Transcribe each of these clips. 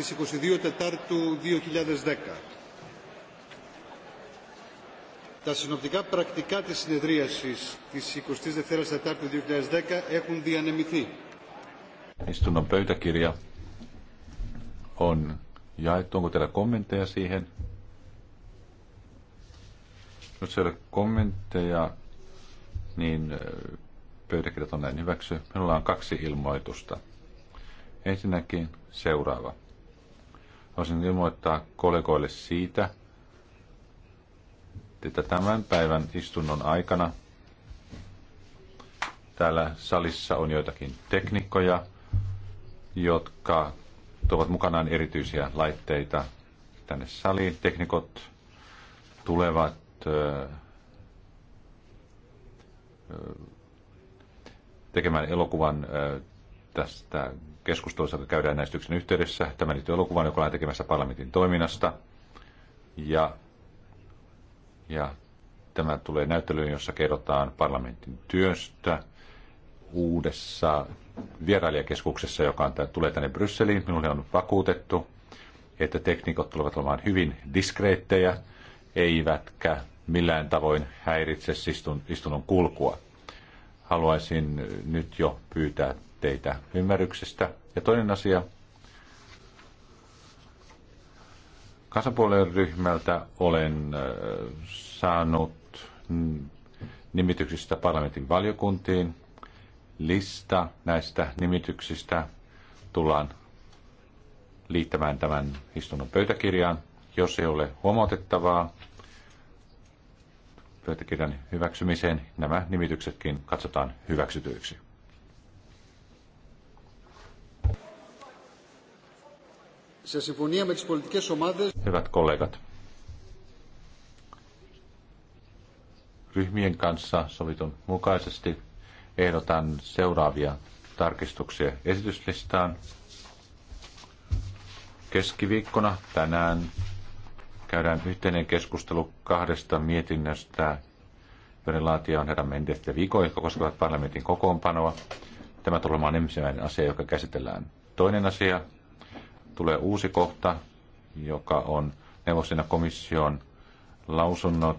στις 22 Τετάρτου 2010. Τα συνοπτικά πρακτικά της συνεδρίασης της 22 Τετάρτου 2010 έχουν διανεμηθεί. Istunnon pöytäkirja on jaettu. Onko teillä kommentteja siihen? Jos ei ole kommentteja, niin pöytäkirjat on näin hyväksy. Minulla on kaksi ilmoitusta. Ensinnäkin seuraava. Voisin ilmoittaa kollegoille siitä, että tämän päivän istunnon aikana täällä salissa on joitakin teknikkoja, jotka tuovat mukanaan erityisiä laitteita tänne saliin. Teknikot tulevat tekemään elokuvan tästä keskustelussa, joka käydään äänestyksen yhteydessä. Tämä liittyy elokuvaan, joka on tekemässä parlamentin toiminnasta. Ja, ja tämä tulee näyttelyyn, jossa kerrotaan parlamentin työstä uudessa vierailijakeskuksessa, joka on, tulee tänne Brysseliin. Minulle on vakuutettu, että tekniikot tulevat olemaan hyvin diskreettejä, eivätkä millään tavoin häiritse istun, istunnon kulkua. Haluaisin nyt jo pyytää teitä ymmärryksestä. Ja toinen asia, kansanpuolen ryhmältä olen saanut nimityksistä parlamentin valiokuntiin. Lista näistä nimityksistä tullaan liittämään tämän istunnon pöytäkirjaan. Jos ei ole huomautettavaa pöytäkirjan hyväksymiseen, nämä nimityksetkin katsotaan hyväksytyiksi. Hyvät kollegat, ryhmien kanssa sovitun mukaisesti ehdotan seuraavia tarkistuksia esityslistaan. Keskiviikkona tänään käydään yhteinen keskustelu kahdesta mietinnöstä, joiden laatia on herra Mendes ja Vigo, jotka koskevat parlamentin kokoonpanoa. Tämä tulee olemaan ensimmäinen asia, joka käsitellään. Toinen asia tulee uusi kohta, joka on neuvostina komission lausunnot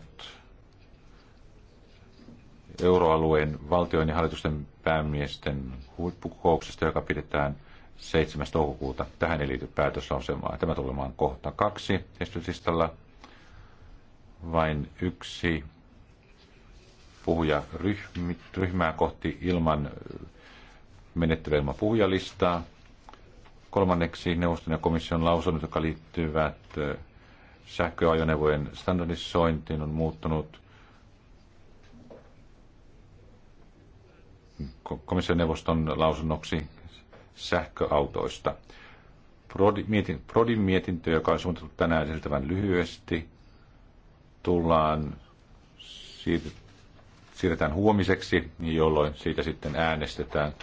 euroalueen valtioiden ja hallitusten päämiesten huippukokouksesta, joka pidetään 7. toukokuuta. Tähän ei liity päätöslausemaa. Tämä tulee olemaan kohta kaksi esityslistalla. Vain yksi puhuja ryhmää kohti ilman menettelyä ilman puhujalistaa. Kolmanneksi neuvoston ja komission lausunnot, jotka liittyvät sähköajoneuvojen standardisointiin, on muuttunut. Komission neuvoston lausunnoksi sähköautoista. Prodin mietintö, joka on suunniteltu tänään siltävän lyhyesti, tullaan siirretään huomiseksi, jolloin siitä sitten äänestetään.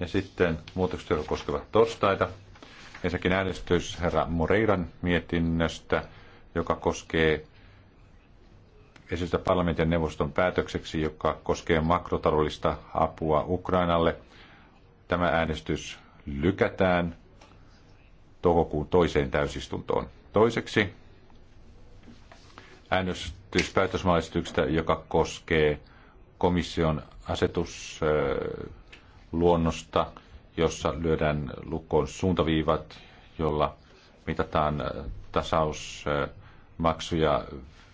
Ja sitten muutokset, jotka koskevat torstaita. Ensinnäkin äänestys herra Moreiran mietinnöstä, joka koskee esitystä parlamentin neuvoston päätökseksi, joka koskee makrotaloudellista apua Ukrainalle. Tämä äänestys lykätään toukokuun toiseen täysistuntoon. Toiseksi äänestys päätösmaisityksestä, joka koskee komission asetusluonnosta jossa lyödään lukkoon suuntaviivat, jolla mitataan äh, tasausmaksuja äh,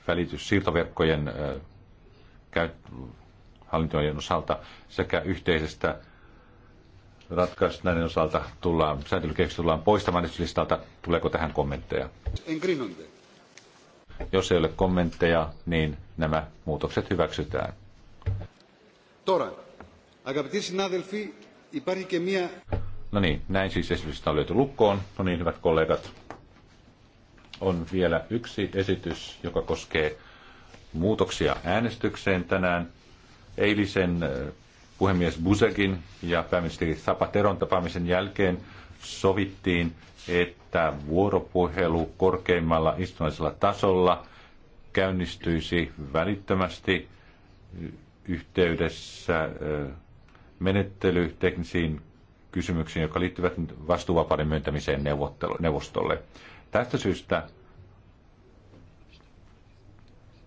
välitys siirtoverkkojen äh, hallintojen osalta sekä yhteisestä ratkaisusta näiden osalta tullaan, säätelykeksi tullaan poistamaan listalta. Tuleeko tähän kommentteja? Jos ei ole kommentteja, niin nämä muutokset hyväksytään. Τώρα, αγαπητοί συνάδελφοι, No niin, näin siis esitystä on löyty lukkoon. No niin, hyvät kollegat, on vielä yksi esitys, joka koskee muutoksia äänestykseen tänään. Eilisen puhemies Busekin ja pääministeri Zapateron tapaamisen jälkeen sovittiin, että vuoropuhelu korkeimmalla istunnallisella tasolla käynnistyisi välittömästi yhteydessä menettely teknisiin kysymyksiin, jotka liittyvät vastuuvapauden myöntämiseen neuvostolle. Tästä syystä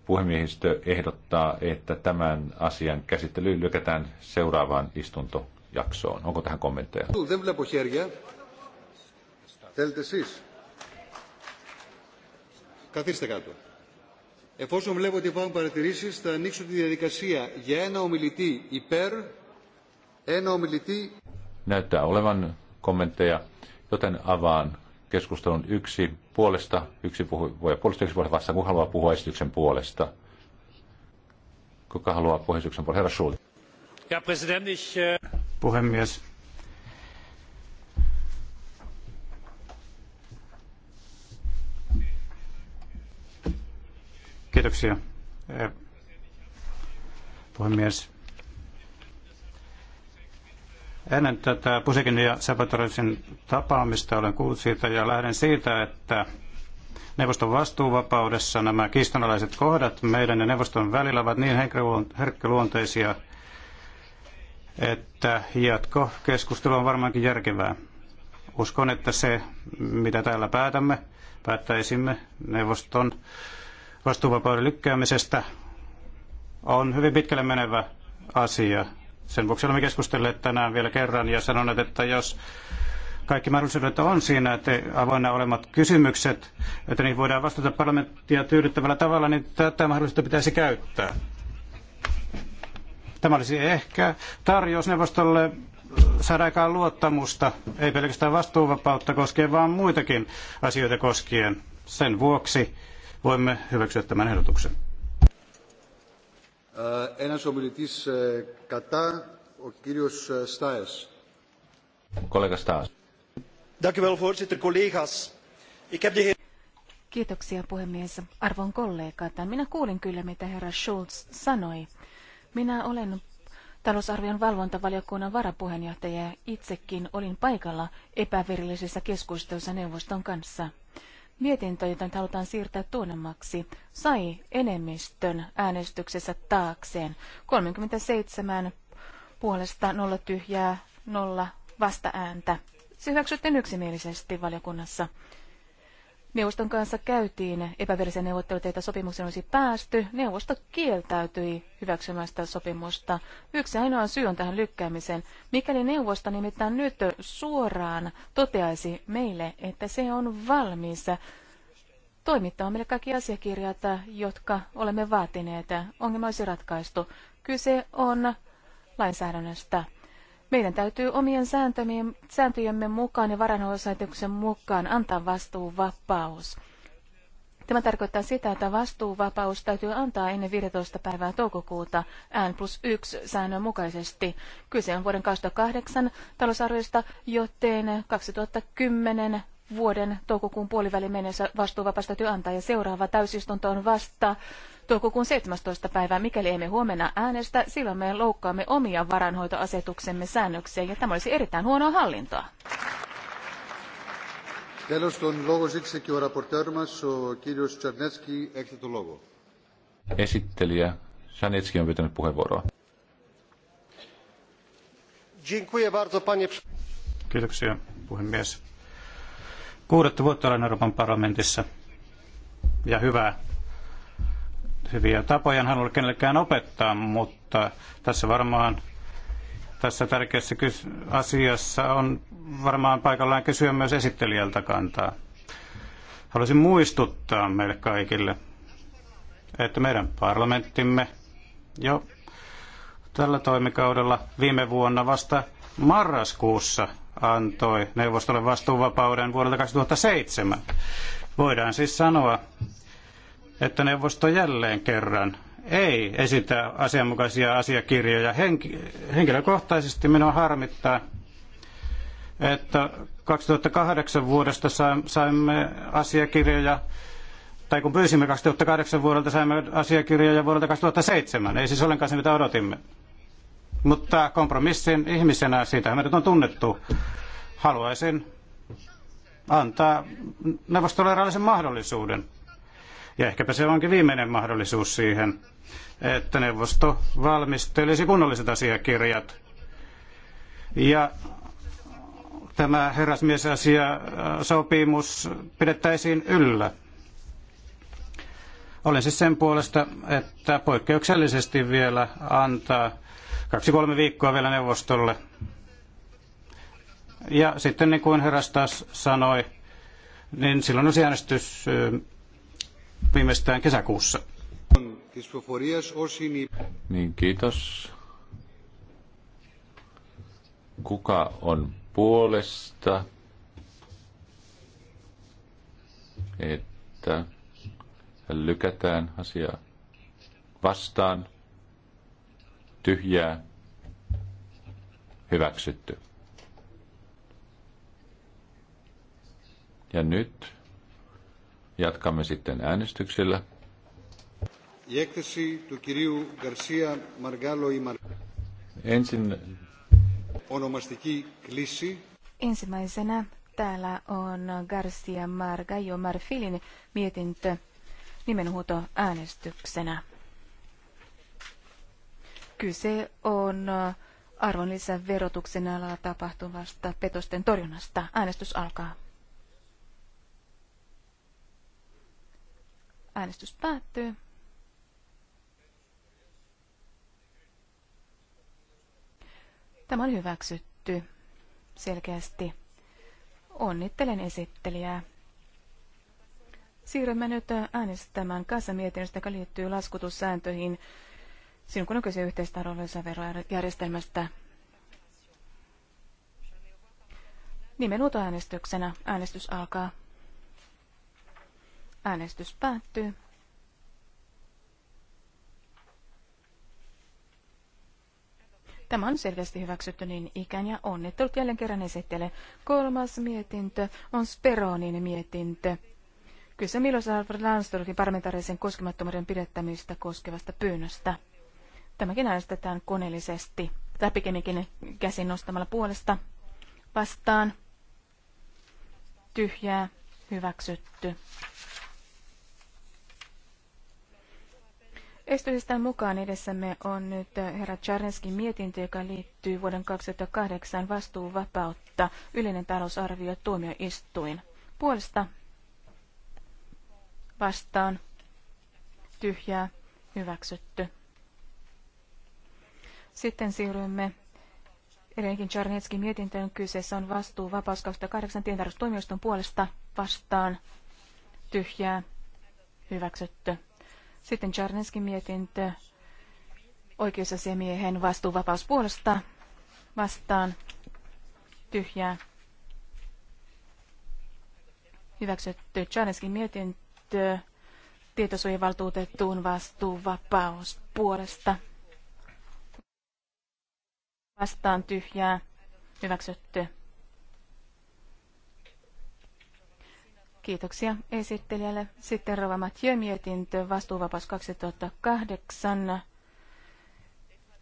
puhemiehistö ehdottaa, että tämän asian käsittely lykätään seuraavaan istuntojaksoon. Onko tähän kommentteja? Εφόσον βλέπω ότι υπάρχουν παρατηρήσεις, θα ανοίξω τη διαδικασία για ένα ομιλητή υπέρ Näyttää olevan kommentteja, joten avaan keskustelun yksi puolesta, yksi puhuja, voi puolesta, yksi puolesta vastaan, kun haluaa puhua esityksen puolesta. Kuka haluaa puhua esityksen puolesta? Herra Schulte. Ja, ich... Äh- puhemies. Kiitoksia. Äh, puhemies, Ennen tätä Pusikin ja Sabatorisin tapaamista olen kuullut siitä ja lähden siitä, että neuvoston vastuuvapaudessa nämä kiistanalaiset kohdat meidän ja neuvoston välillä ovat niin herkkäluonteisia, että jatko keskustelu on varmaankin järkevää. Uskon, että se, mitä täällä päätämme, päättäisimme neuvoston vastuuvapauden lykkäämisestä, on hyvin pitkälle menevä asia sen vuoksi olemme keskustelleet tänään vielä kerran ja sanoneet, että jos kaikki mahdollisuudet on siinä, että avoinna olemat kysymykset, että niihin voidaan vastata parlamenttia tyydyttävällä tavalla, niin tätä mahdollisuutta pitäisi käyttää. Tämä olisi ehkä tarjous neuvostolle saada aikaan luottamusta, ei pelkästään vastuuvapautta koskien, vaan muitakin asioita koskien. Sen vuoksi voimme hyväksyä tämän ehdotuksen. Ένας ομιλητής κατά, ο κύριος Στάες. Kiitoksia puhemies. Arvon kollegat, minä kuulin kyllä mitä herra Schulz sanoi. Minä olen talousarvion valvontavaliokunnan varapuheenjohtaja ja itsekin olin paikalla epävirallisissa keskustelussa neuvoston kanssa mietintö, jota nyt halutaan siirtää tuonemmaksi, sai enemmistön äänestyksessä taakseen. 37 puolesta nolla tyhjää, nolla vastaääntä. Se hyväksyttiin yksimielisesti valiokunnassa. Neuvoston kanssa käytiin epävirallisia neuvotteluita, että sopimuksen olisi päästy. Neuvosto kieltäytyi hyväksymästä sopimusta. Yksi ainoa syy on tähän lykkäämiseen. Mikäli neuvosto nimittäin nyt suoraan toteaisi meille, että se on valmis toimittaa meille kaikki asiakirjat, jotka olemme vaatineet, ongelma olisi ratkaistu. Kyse on lainsäädännöstä. Meidän täytyy omien sääntöjemme mukaan ja varanhoitosaitoksen mukaan antaa vastuuvapaus. Tämä tarkoittaa sitä, että vastuuvapaus täytyy antaa ennen 15. päivää toukokuuta N plus 1 säännön mukaisesti. Kyse on vuoden 2008 talousarviosta, joten 2010 vuoden toukokuun puoliväli mennessä vastuuvapaasta työnantaja. Seuraava täysistunto on vasta toukokuun 17. päivää. Mikäli emme huomenna äänestä, silloin me loukkaamme omia varanhoitoasetuksemme säännöksiä ja tämä olisi erittäin huonoa hallintoa. Esittelijä Sanetski on pyytänyt puheenvuoroa. Kiitoksia, puhemies Kuudetta vuotta olen Euroopan parlamentissa ja hyvää, hyviä tapoja en halua kenellekään opettaa, mutta tässä varmaan tässä tärkeässä asiassa on varmaan paikallaan kysyä myös esittelijältä kantaa. Haluaisin muistuttaa meille kaikille, että meidän parlamenttimme jo tällä toimikaudella viime vuonna vasta marraskuussa antoi neuvostolle vastuuvapauden vuodelta 2007. Voidaan siis sanoa, että neuvosto jälleen kerran ei esitä asianmukaisia asiakirjoja. henkilökohtaisesti minua harmittaa, että 2008 vuodesta saimme asiakirjoja, tai kun pyysimme 2008 vuodelta, saimme asiakirjoja vuodelta 2007. Ei siis ollenkaan se, mitä odotimme. Mutta kompromissin ihmisenä, siitä meidät on tunnettu, haluaisin antaa neuvostolle eräänlaisen mahdollisuuden. Ja ehkäpä se onkin viimeinen mahdollisuus siihen, että neuvosto valmistelisi kunnolliset asiakirjat. Ja tämä herrasmiesasiasopimus äh, pidettäisiin yllä. Olen siis sen puolesta, että poikkeuksellisesti vielä antaa Kaksi-kolme viikkoa vielä neuvostolle. Ja sitten niin kuin herras taas sanoi, niin silloin on äänestys viimeistään kesäkuussa. Niin, kiitos. Kuka on puolesta? Että lykätään asiaa vastaan tyhjää, hyväksytty. Ja nyt jatkamme sitten äänestyksellä. Ensin... Onomastiki klisi. Ensimmäisenä täällä on Garcia Margallo Marfilin mietintö nimenhuuto äänestyksenä. Kyse on äh, arvonlisäverotuksen alalla tapahtuvasta petosten torjunnasta. Äänestys alkaa. Äänestys päättyy. Tämä on hyväksytty selkeästi. Onnittelen esittelijää. Siirrymme nyt äänestämään kassamietinnöstä, joka liittyy laskutussääntöihin Sinun kun on kyse yhteistaloudellisesta verojärjestelmästä. Nimenhuutoäänestyksenä äänestys alkaa. Äänestys päättyy. Tämä on selvästi hyväksytty niin ikään ja onnittelut jälleen kerran esittele. Kolmas mietintö on Speronin mietintö. Kyse Milos Alfred Lansdorfin parlamentaarisen koskemattomuuden pidettämistä koskevasta pyynnöstä. Tämäkin äänestetään koneellisesti, tai pikemminkin käsin nostamalla puolesta vastaan. Tyhjää, hyväksytty. Esitysistä mukaan edessämme on nyt herra Czarneskin mietintö, joka liittyy vuoden 2008 vastuuvapautta, yleinen talousarvio ja tuomioistuin. Puolesta vastaan tyhjää hyväksytty. Sitten siirrymme Erenkin Czarnetskin mietintöön. Kyseessä on vastuu vapaus 28 tientarvostuomioiston puolesta vastaan tyhjää hyväksytty. Sitten Czarnetskin mietintö oikeusasiamiehen vastuuvapaus puolesta vastaan tyhjää hyväksytty. Czarnetskin mietintö tietosuojavaltuutettuun vastuuvapaus puolesta vastaan tyhjää hyväksytty. Kiitoksia esittelijälle. Sitten Rova Mathieu mietintö, vastuuvapaus 2008.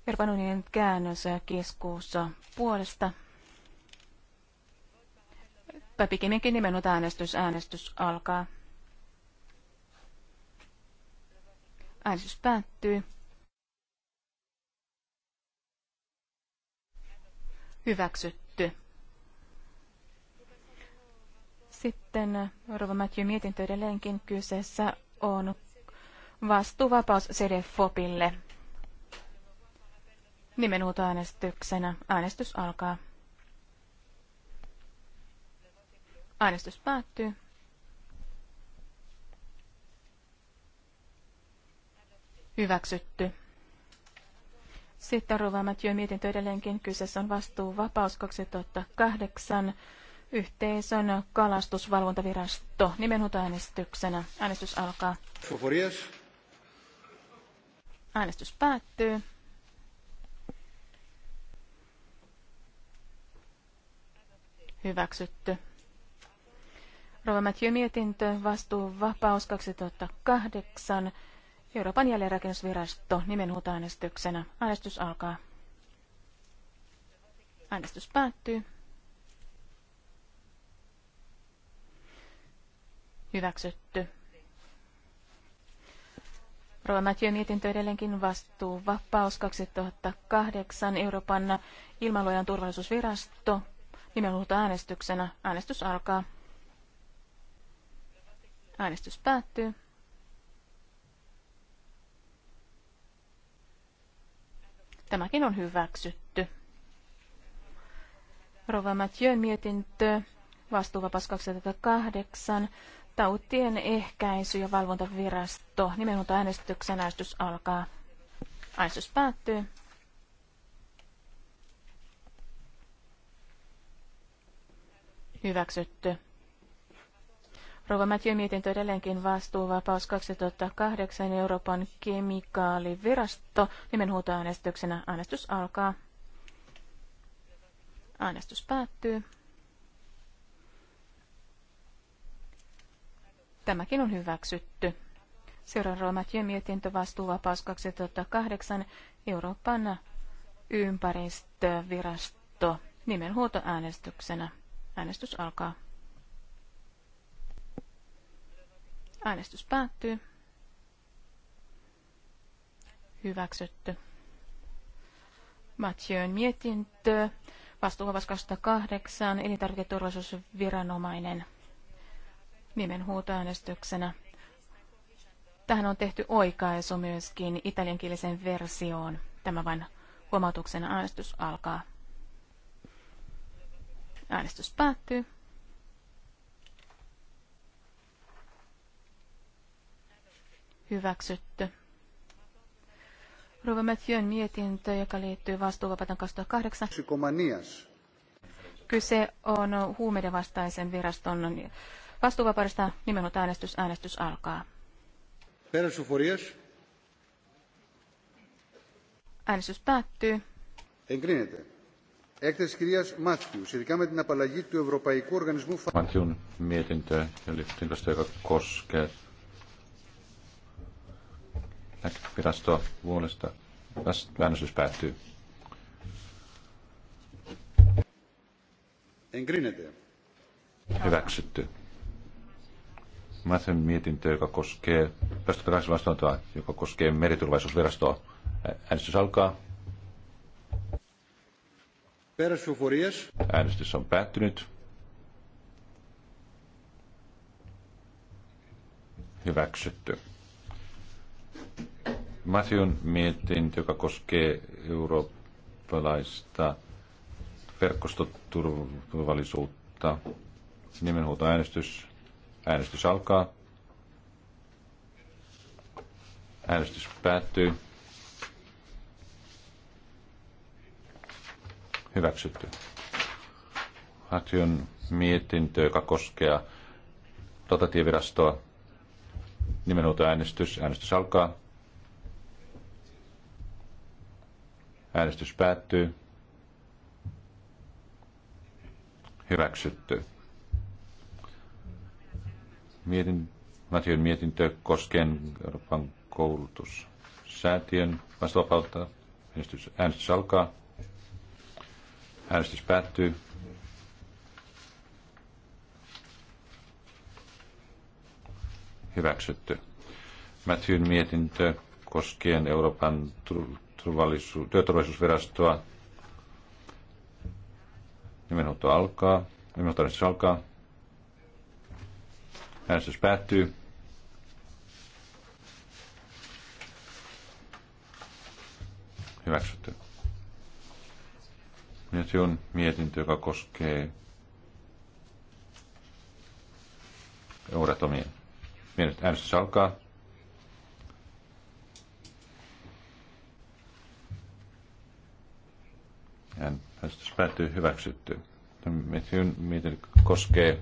Euroopan unionin käännös keskuussa puolesta. Tai nimenut äänestys. Äänestys alkaa. Äänestys päättyy. hyväksytty. Sitten Rova Matthew mietintö edelleenkin kyseessä on vastuuvapaus CDFOPille. äänestyksenä. äänestys alkaa. Äänestys päättyy. Hyväksytty. Sitten Ruvaama mietintö edelleenkin. Kyseessä on vapaus 2008 yhteisön kalastusvalvontavirasto äänestyksenä. Äänestys alkaa. Foforias. Äänestys päättyy. Hyväksytty. Rova Mathieu mietintö, vapaus 2008, Euroopan jälleenrakennusvirasto äänestyksenä. Äänestys alkaa. Äänestys päättyy. Hyväksytty. Rova Mathieu mietintö edelleenkin vastuu vapaus 2008 Euroopan ilmailujen turvallisuusvirasto nimenhuuta äänestyksenä. Äänestys alkaa. Äänestys päättyy. Tämäkin on hyväksytty. Rova Mathieu mietintö, vastuuvapas 2008, tautien ehkäisy- ja valvontavirasto. nimenomaan äänestyksen äänestys alkaa. Äänestys päättyy. Hyväksytty. Rouva Mätiön mietintö edelleenkin vastuuvapaus 2008 Euroopan kemikaalivirasto. Nimenhuutoäänestyksenä äänestys alkaa. Äänestys päättyy. Tämäkin on hyväksytty. Seuraava Rova Mätiön mietintö vastuuvapaus 2008 Euroopan ympäristövirasto. Nimenhuutoäänestyksenä äänestys alkaa. Äänestys päättyy. Hyväksytty. Mathieuin mietintö. Vastuuvapauskaus 28. Elintarviketurvallisuusviranomainen. Nimenhuutoäänestyksenä. Tähän on tehty oikaisu myöskin italiankielisen versioon. Tämä vain huomautuksena äänestys alkaa. Äänestys päättyy. hyväksytty. Rova Mathieu'n mietintö, joka liittyy vastuuvapaten 2008. Kyse on huumeiden vastaisen viraston vastuuvapaudesta Nimenomaan äänestys. Äänestys alkaa. Äänestys päättyy. Εγκρίνεται. Έκθεση κυρίας Μάθιου σχετικά με την απαλλαγή του Ευρωπαϊκού Οργανισμού Φαρμακευτικών. mietintö, eli virastoa vuodesta. Äänestys päättyy. Hyväksytty. Mathen mietintö, joka koskee, päästötä vastaantoa, joka koskee meriturvallisuusvirastoa. Äänestys alkaa. Äänestys on päättynyt. Hyväksytty. Matthewn mietintö, joka koskee eurooppalaista verkostoturvallisuutta. Nimenhuuto Äänestys äänestys alkaa. Äänestys päättyy. Hyväksytty. Hatjun mietintö, joka koskee Nimenhuuto äänestys, Äänestys alkaa. Äänestys päättyy. Hyväksytty. Mietin, Mathion mietintö koskien Euroopan koulutussäätiön vastaavalta Äänestys, äänestys alkaa. Äänestys päättyy. Hyväksytty. Matthewn mietintö koskien Euroopan työturvallisuusvirastoa. Nimenhuutto alkaa. Nimenhuutto alkaa. Äänestys päättyy. Hyväksytty. Nyt se on mietintö, joka koskee Euratomia. Äänestys alkaa. päättyy hyväksytty. Miten koskee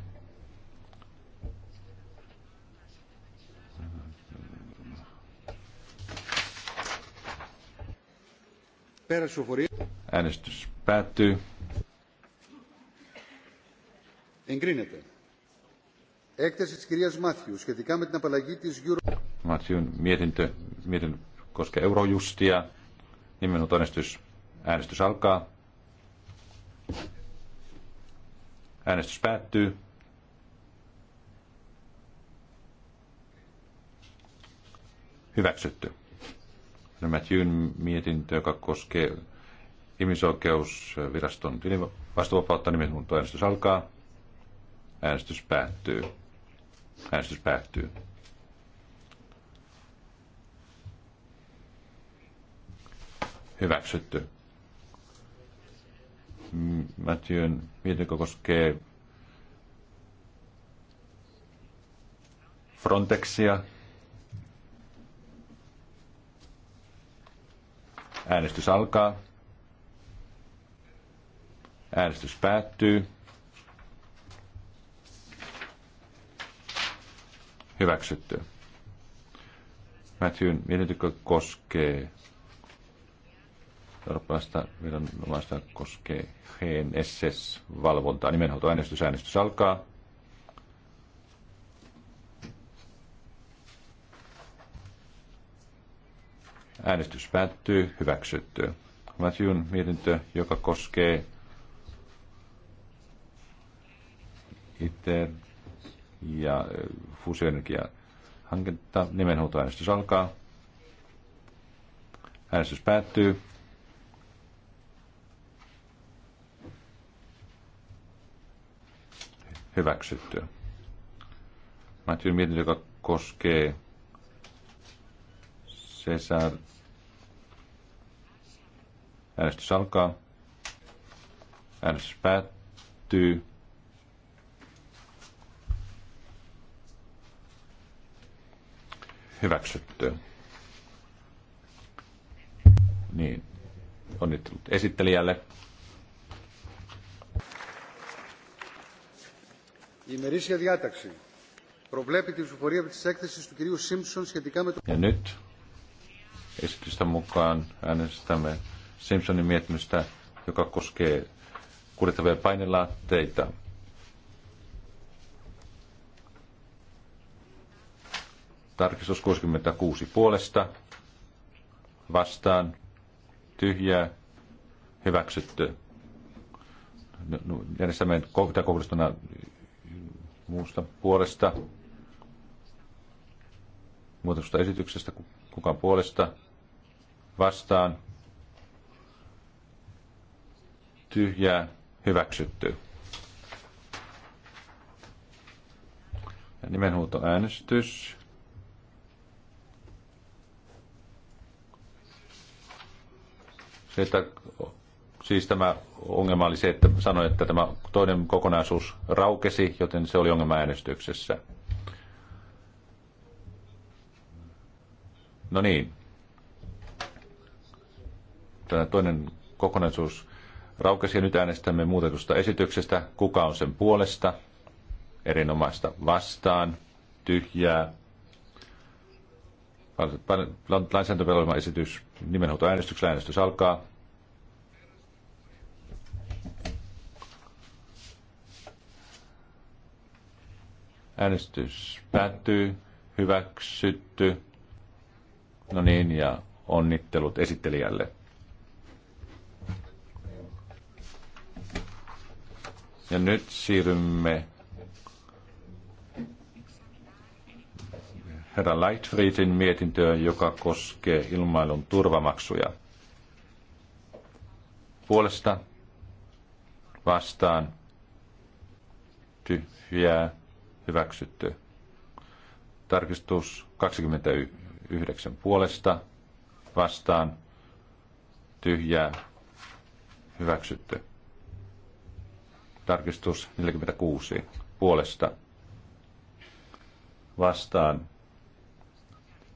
Äänestys päättyy. Εγκρίνεται. Έκθεση της κυρίας Μάθιου σχετικά με την απαλλαγή της Euro... Μάθιουν mietintö, mietintö koskee Eurojustia. Nimenut äänestys. Äänestys alkaa. Äänestys päättyy. Hyväksytty. Matthewn mietintö, joka koskee ihmisoikeusviraston vastuvapautta nimenhuunto. Äänestys alkaa. Äänestys päättyy. Äänestys päättyy. Hyväksytty. Mätyön mietintö, joka koskee Frontexia. Äänestys alkaa. Äänestys päättyy. Hyväksytty. Matthewn mietintö koskee Eurooppalaista viranomaista koskee GNSS-valvontaa. Nimenhoitoäänestys. Äänestys alkaa. Äänestys päättyy. Hyväksytty. Matthewn mietintö, joka koskee itse ja äh, fuusioenergia hanketta. Nimenhuutoäänestys alkaa. Äänestys päättyy. hyväksytty. Matthew mietin, joka koskee Cesar. Äänestys alkaa. Äänestys päättyy. Hyväksyttyä. Niin. Onnittelut esittelijälle. ημερήσια διάταξη προβλέπει την ψηφορία της έκθεσης του κυρίου Σίμψον σχετικά με το... Ja nyt esitystä mukaan äänestämme Simpsonin mietinnöstä, joka koskee kuljettavia painelaatteita. Tarkistus 66 puolesta. Vastaan. Tyhjää. Hyväksytty. Järjestämme kohta kohdistuna muusta puolesta. Muutosta esityksestä kuka puolesta vastaan. Tyhjää hyväksytty. Ja äänestys. Se, että Siis tämä ongelma oli se, että sanoin, että tämä toinen kokonaisuus raukesi, joten se oli ongelma äänestyksessä. No niin. Tämä toinen kokonaisuus raukesi ja nyt äänestämme muutetusta esityksestä. Kuka on sen puolesta? Erinomaista vastaan. Tyhjää. Lainsäädäntövelvoima esitys. Nimenhuutoäänestyksellä äänestys alkaa. Äänestys päättyy. Hyväksytty. No niin, ja onnittelut esittelijälle. Ja nyt siirrymme herra Lightfriedin mietintöön, joka koskee ilmailun turvamaksuja. Puolesta vastaan tyhjää hyväksytty. Tarkistus 29 puolesta vastaan tyhjää hyväksytty. Tarkistus 46 puolesta vastaan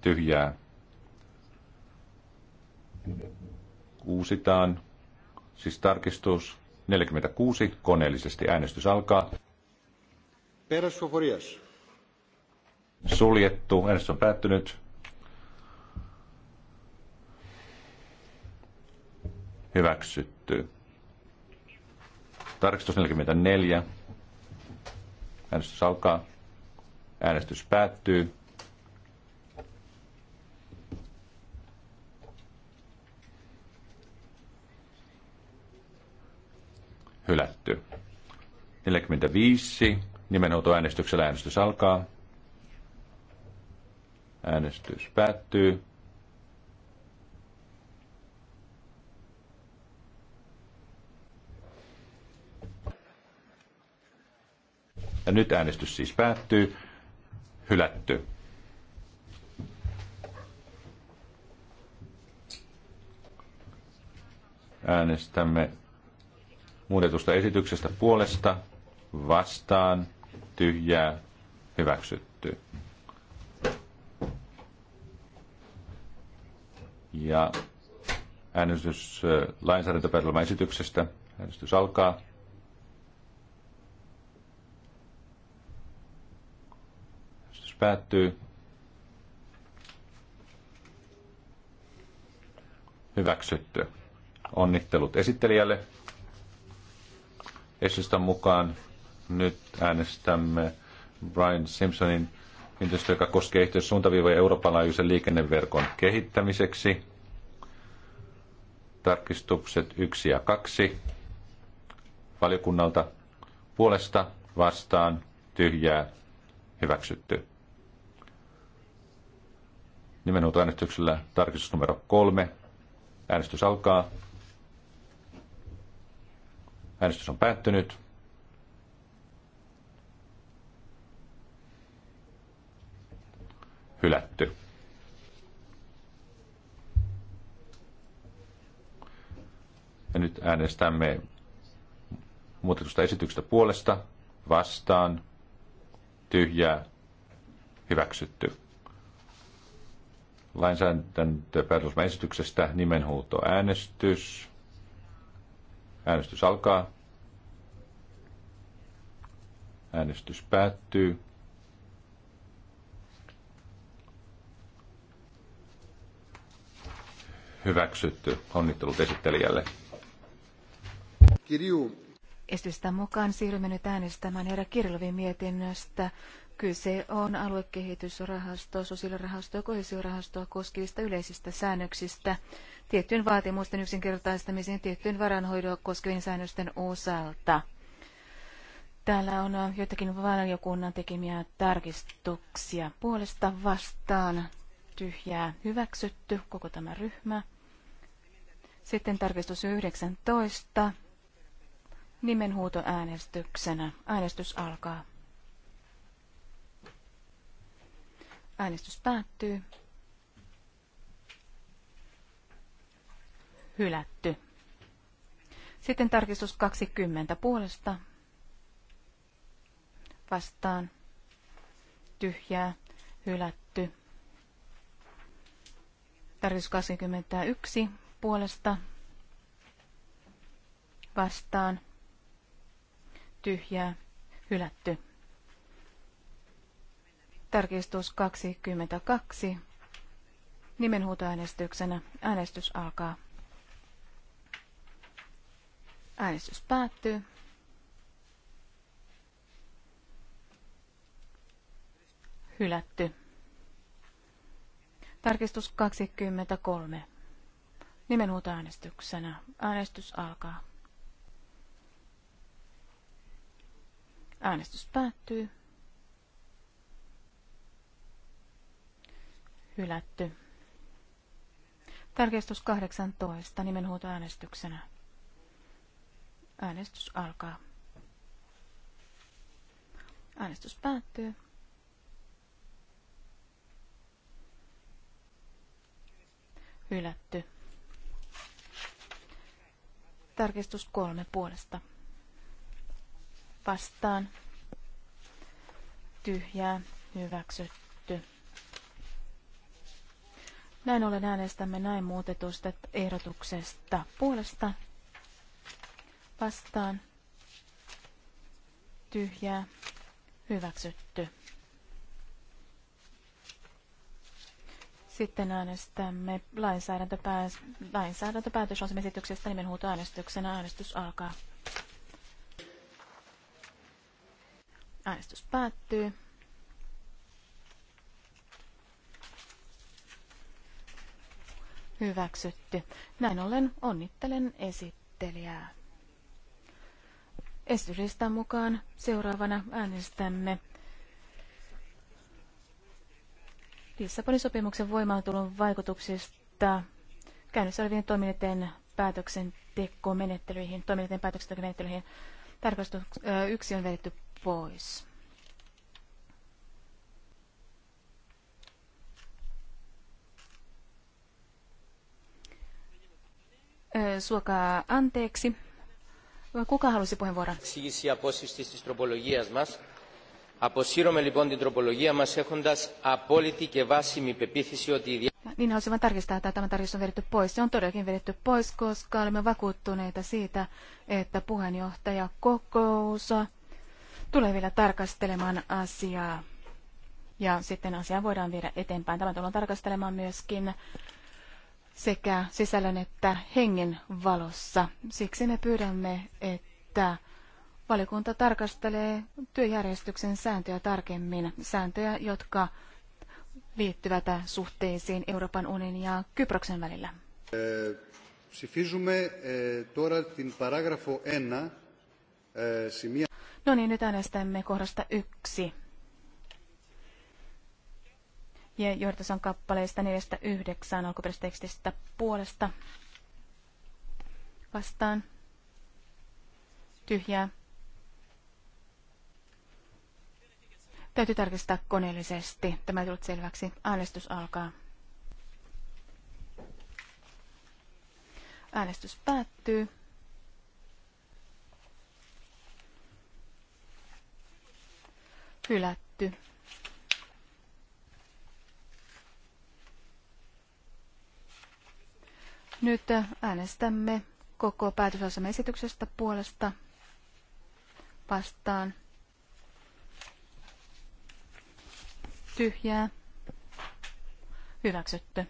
tyhjää uusitaan, siis tarkistus 46, koneellisesti äänestys alkaa. Πέρας Suljettu. Äänestys on päättynyt. Hyväksytty. Tarkistus 44. Äänestys alkaa. Äänestys päättyy. Hylätty. 45. Nimenhuutoäänestyksellä äänestys alkaa. Äänestys päättyy. Ja nyt äänestys siis päättyy. Hylätty. Äänestämme muutetusta esityksestä puolesta vastaan tyhjää hyväksytty. Ja äänestys lainsäädäntöpäätelmän esityksestä. Äänestys alkaa. Äänestys päättyy. Hyväksytty. Onnittelut esittelijälle. Esistön mukaan nyt äänestämme Brian Simpsonin mietintöstä, joka koskee yhteissuuntaviivoja Euroopan laajuisen liikenneverkon kehittämiseksi. Tarkistukset 1 ja 2 valiokunnalta puolesta vastaan tyhjää hyväksytty. Nimenhuuto äänestyksellä tarkistus numero kolme. Äänestys alkaa. Äänestys on päättynyt. hylätty. Ja nyt äänestämme muutetusta esityksestä puolesta, vastaan, tyhjää, hyväksytty. Lainsäädäntöpäätösmän esityksestä nimenhuuto äänestys. Äänestys alkaa. Äänestys päättyy. hyväksytty. Onnittelut esittelijälle. Kirju. Esitystä mukaan siirrymme nyt äänestämään herra Kirilovin mietinnöstä. Kyse on aluekehitysrahasto, sosiaalirahasto ja kohesiorahastoa koskevista yleisistä säännöksistä, tiettyjen vaatimusten yksinkertaistamisen ja tiettyjen varanhoidon koskevien säännösten osalta. Täällä on joitakin valiokunnan tekemiä tarkistuksia. Puolesta vastaan tyhjää hyväksytty koko tämä ryhmä. Sitten tarkistus 19. Nimenhuuto äänestyksenä. Äänestys alkaa. Äänestys päättyy. Hylätty. Sitten tarkistus 20 puolesta. Vastaan. Tyhjää. Hylätty. Tarkistus 21 puolesta vastaan tyhjää hylätty. Tarkistus 22. Nimenhuutoäänestyksenä äänestys alkaa. Äänestys päättyy. Hylätty. Tarkistus 23 äänestyksenä. Äänestys alkaa. Äänestys päättyy. Hylätty. Tarkistus 18 äänestyksenä. Äänestys alkaa. Äänestys päättyy. Hylätty. Tarkistus kolme puolesta. Vastaan. Tyhjää. Hyväksytty. Näin ollen äänestämme näin muutetusta ehdotuksesta puolesta. Vastaan. Tyhjää. Hyväksytty. Sitten äänestämme lainsäädäntöpääs- lainsäädäntöpäätösosamisesityksestä nimenhuutoäänestyksenä. Äänestys alkaa. Äänestys päättyy. Hyväksytty. Näin ollen onnittelen esittelijää. Esityslistan mukaan seuraavana äänestämme Lissabonin sopimuksen voimaantulon vaikutuksista käynnissä olevien toimineiden päätöksentekomenettelyihin, toimineiden päätöksentekomenettelyihin tarkastus yksi on vedetty pois. Suokaa anteeksi. Kuka halusi puheenvuoron? Siis ja της Αποσύρωμε λοιπόν την τροπολογία μας έχοντας απόλυτη και βάσιμη pepitisi ότι... Niin haluaisin tarkistaa, että tämä tarkistus on vedetty pois. Se on todellakin vedetty pois, koska olemme vakuuttuneita siitä, että puheenjohtajakokous tulee vielä tarkastelemaan asiaa. Ja sitten asiaa voidaan viedä eteenpäin. Tämä tullaan tarkastelemaan myöskin sekä sisällön että hengen valossa. Siksi me pyydämme, että Valiokunta tarkastelee työjärjestyksen sääntöjä tarkemmin, sääntöjä, jotka liittyvät suhteisiin Euroopan unionin ja Kyproksen välillä. No niin, nyt äänestämme kohdasta yksi. Ja Jortason kappaleista neljästä yhdeksän alkuperäistekstistä puolesta vastaan. Tyhjää Täytyy tarkistaa koneellisesti. Tämä ei tullut selväksi. Äänestys alkaa. Äänestys päättyy. Hylätty. Nyt äänestämme koko esityksestä puolesta vastaan Tyhjää. Hyväksytty.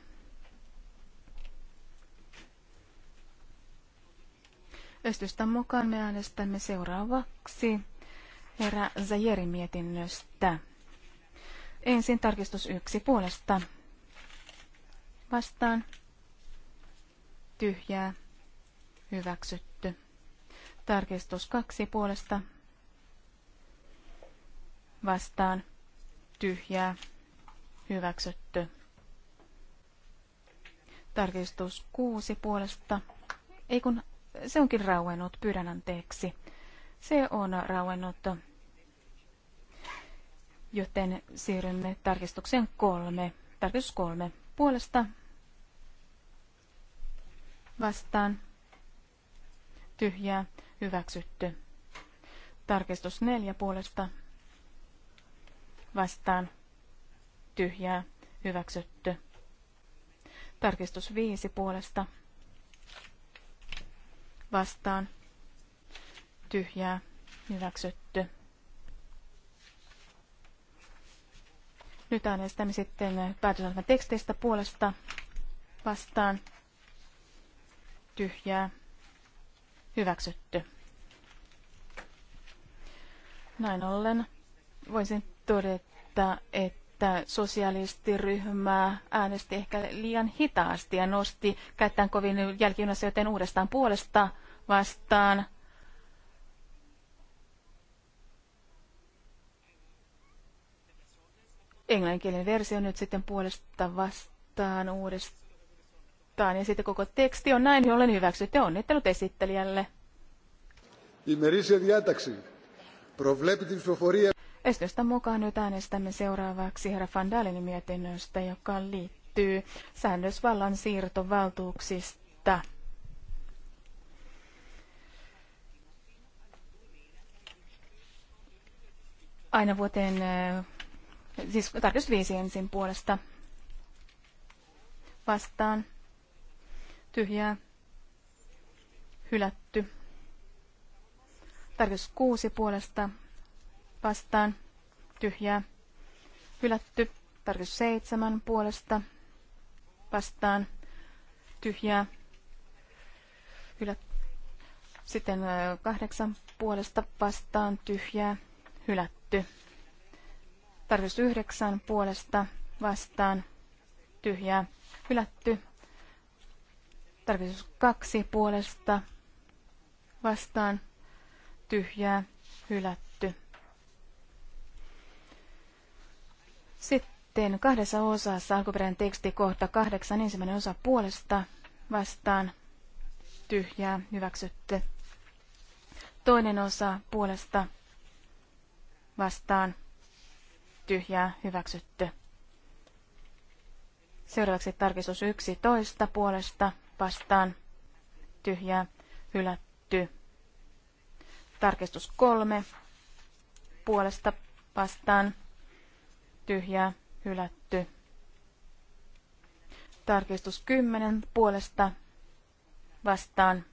Östystä mukaan me äänestämme seuraavaksi herra Zajerin mietinnöstä. Ensin tarkistus yksi puolesta. Vastaan. Tyhjää. Hyväksytty. Tarkistus kaksi puolesta. Vastaan tyhjää, hyväksytty. Tarkistus kuusi puolesta, ei kun se onkin rauennut, pyydän anteeksi. Se on rauennut, joten siirrymme tarkistukseen kolme. Tarkistus kolme puolesta vastaan tyhjää hyväksytty. Tarkistus neljä puolesta vastaan tyhjää hyväksytty. Tarkistus 5 puolesta vastaan tyhjää hyväksytty. Nyt äänestämme sitten päätösasema teksteistä puolesta vastaan tyhjää hyväksytty. Näin ollen voisin todeta, että sosialistiryhmä äänesti ehkä liian hitaasti ja nosti kättään kovin jälkijunassa, joten uudestaan puolesta vastaan. Englanninkielinen versio nyt sitten puolesta vastaan uudestaan. Ja sitten koko teksti on näin, olen hyväksytty. Onnittelut esittelijälle. Ημερήσια διάταξη προβλέπει την ψηφοφορία. Esitystä mukaan nyt äänestämme seuraavaksi herra Van mietinnöstä, joka liittyy säännösvallan siirtovaltuuksista. Aina vuoteen, eh, siis tarkistus viisi ensin puolesta vastaan, tyhjää, hylätty. Tarkistus kuusi puolesta vastaan tyhjää hylätty. Tarkistus seitsemän puolesta vastaan tyhjää hylätty. Sitten kahdeksan puolesta vastaan tyhjää hylätty. Tarkistus yhdeksän puolesta vastaan tyhjää hylätty. Tarkistus kaksi puolesta vastaan tyhjää hylätty. Sitten kahdessa osassa alkuperäinen teksti kohta kahdeksan ensimmäinen osa puolesta vastaan tyhjää hyväksytty. Toinen osa puolesta vastaan tyhjää hyväksytty. Seuraavaksi tarkistus 11 puolesta vastaan tyhjää hylätty. Tarkistus 3 puolesta vastaan tyhjää, hylätty. Tarkistus 10 puolesta vastaan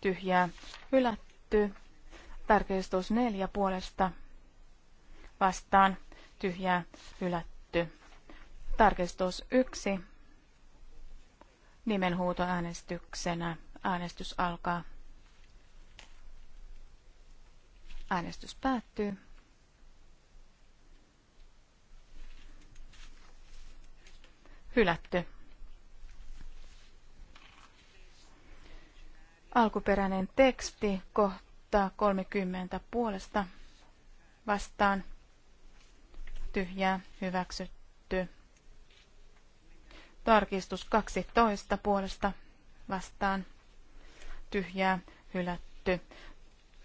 tyhjää, hylätty. Tarkistus 4 puolesta vastaan tyhjää, hylätty. Tarkistus 1 äänestyksenä. Äänestys alkaa. Äänestys päättyy. hylätty. Alkuperäinen teksti kohta 30 puolesta vastaan tyhjää hyväksytty. Tarkistus 12 puolesta vastaan tyhjää hylätty.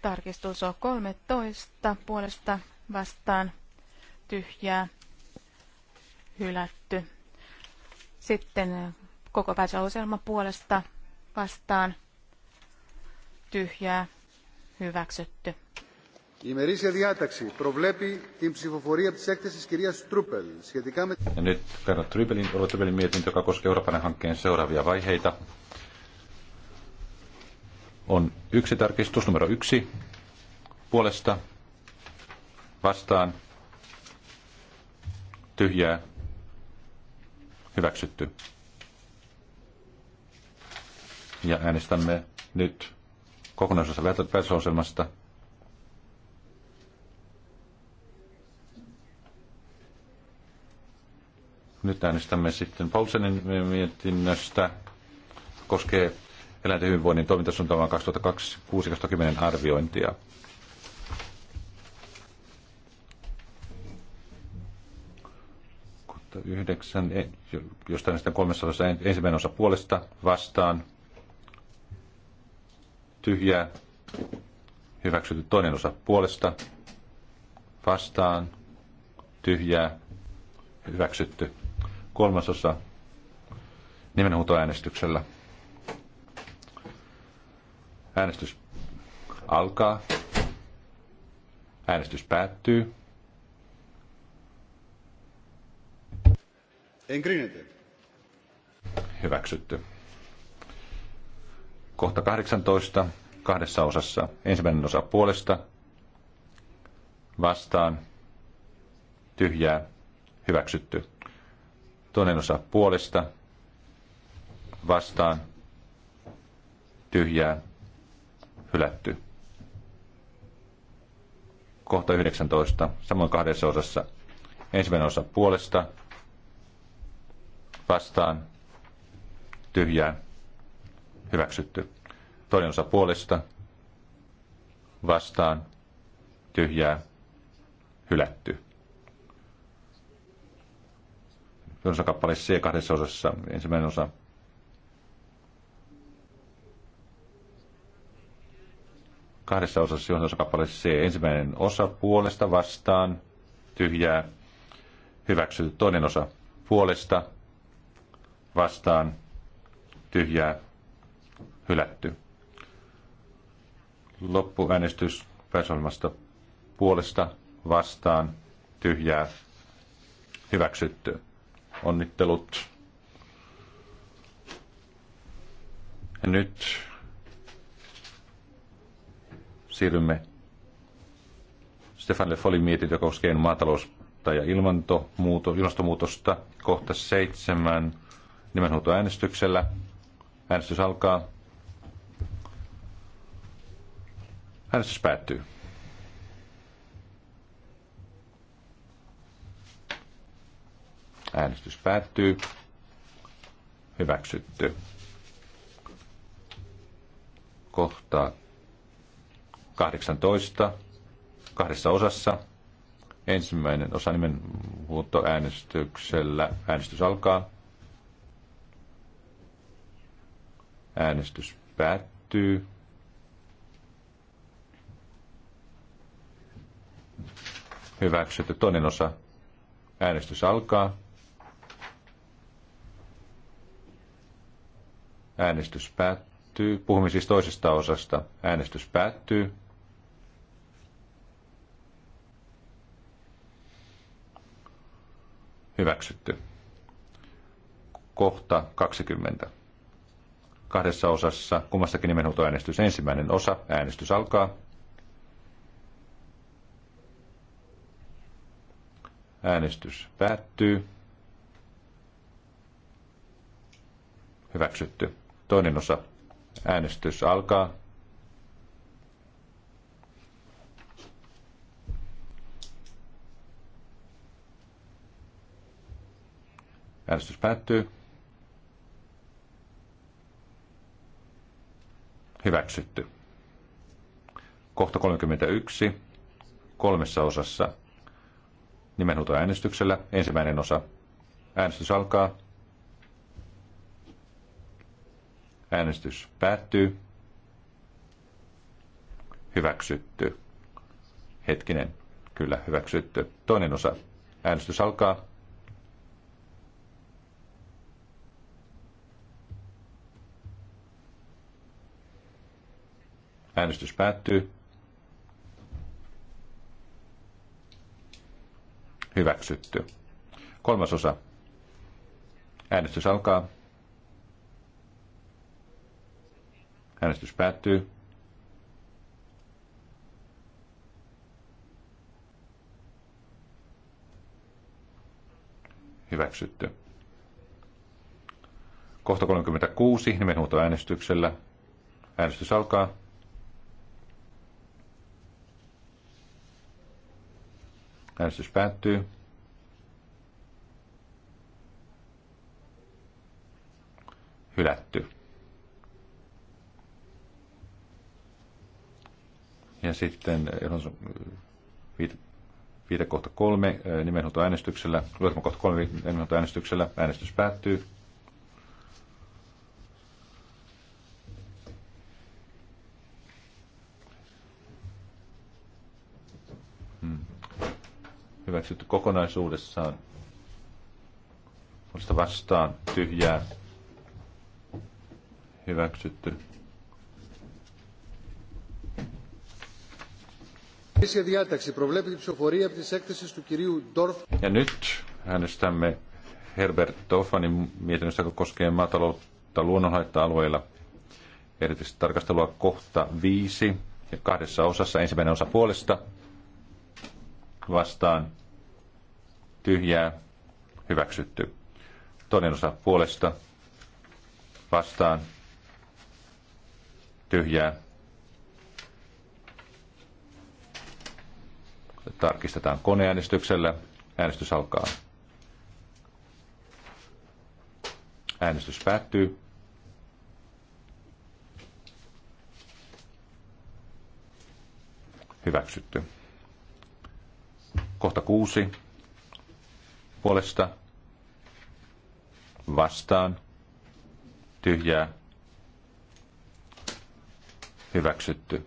Tarkistus on 13 puolesta vastaan tyhjää hylätty. Sitten äh, koko päätösohjelma puolesta vastaan tyhjää hyväksytty. ημερήσια διάταξη προβλέπει την ψηφοφορία της έκθεσης κυρίας Τρούπελ σχετικά με... Ja nyt kerron Trübelin, Trübelin mietintö, joka koskee Euroopan hankkeen seuraavia vaiheita. On yksi tarkistus, numero yksi, puolesta, vastaan, tyhjää, Hyväksytty. Ja äänestämme nyt kokonaisuudessa päätösohjelmasta Nyt äänestämme sitten Paulsenin mietinnöstä. Koskee eläinten hyvinvoinnin toimintasuunnitelmaa 2026 2010 arviointia. Yhdeksän, e, josta näistä kolmessa osassa ensimmäinen osa puolesta vastaan, tyhjää, hyväksytty toinen osa puolesta vastaan, tyhjää, hyväksytty kolmas osa nimenhuutoäänestyksellä. Äänestys alkaa. Äänestys päättyy. Εγκρίνεται. Hyväksytty. Kohta 18 kahdessa osassa. Ensimmäinen osa puolesta vastaan tyhjää hyväksytty. Toinen osa puolesta vastaan tyhjää hylätty. Kohta 19. Samoin kahdessa osassa. Ensimmäinen osa puolesta vastaan tyhjää hyväksytty. Toinen osa puolesta vastaan tyhjää hylätty. Toinen osa kappale C kahdessa osassa ensimmäinen osa kahdessa osassa johdosakappale C. Ensimmäinen osa puolesta vastaan, tyhjää, hyväksytty. Toinen osa puolesta vastaan tyhjää hylätty. Loppuäänestys pääsolmasta puolesta vastaan tyhjää hyväksytty. Onnittelut. Ja nyt siirrymme Stefan Le Folin mietintö koskien maatalous- ja ilmantomuuto, ilmastonmuutosta. Kohta seitsemän äänestyksellä. Äänestys alkaa. Äänestys päättyy. Äänestys päättyy. Hyväksytty. Kohta 18 kahdessa osassa. Ensimmäinen osa nimen huutoäänestyksellä. Äänestys alkaa. Äänestys päättyy. Hyväksytty toinen osa. Äänestys alkaa. Äänestys päättyy. Puhumme siis toisesta osasta. Äänestys päättyy. Hyväksytty. Kohta 20 kahdessa osassa, kummassakin nimenhuutoäänestys. Ensimmäinen osa, äänestys alkaa. Äänestys päättyy. Hyväksytty. Toinen osa, äänestys alkaa. Äänestys päättyy. Hyväksytty. Kohta 31. Kolmessa osassa. Nimenhuutoäänestyksellä. Ensimmäinen osa. Äänestys alkaa. Äänestys päättyy. Hyväksytty. Hetkinen. Kyllä, hyväksytty. Toinen osa. Äänestys alkaa. Äänestys päättyy. Hyväksytty. Kolmas osa. Äänestys alkaa. Äänestys päättyy. Hyväksytty. Kohta 36 nimenhuutoäänestyksellä. Äänestys alkaa. Äänestys päättyy. Hylätty. Ja sitten eh, eh, viite kohta kolme eh, nimenhuutoäänestyksellä, kohta kolme nimenhuutoäänestyksellä, äänestys päättyy. hyväksytty kokonaisuudessaan. Puolesta vastaan tyhjää hyväksytty. Ja nyt äänestämme Herbert Doffanin mietinnöstä, joka koskee maataloutta luonnonhaitta-alueilla. Erityisesti tarkastelua kohta viisi ja kahdessa osassa. Ensimmäinen osa puolesta vastaan tyhjää hyväksytty. Toinen osa puolesta vastaan tyhjää tarkistetaan koneäänestyksellä. Äänestys alkaa. Äänestys päättyy. Hyväksytty. Kohta kuusi. Puolesta. Vastaan. Tyhjää. Hyväksytty.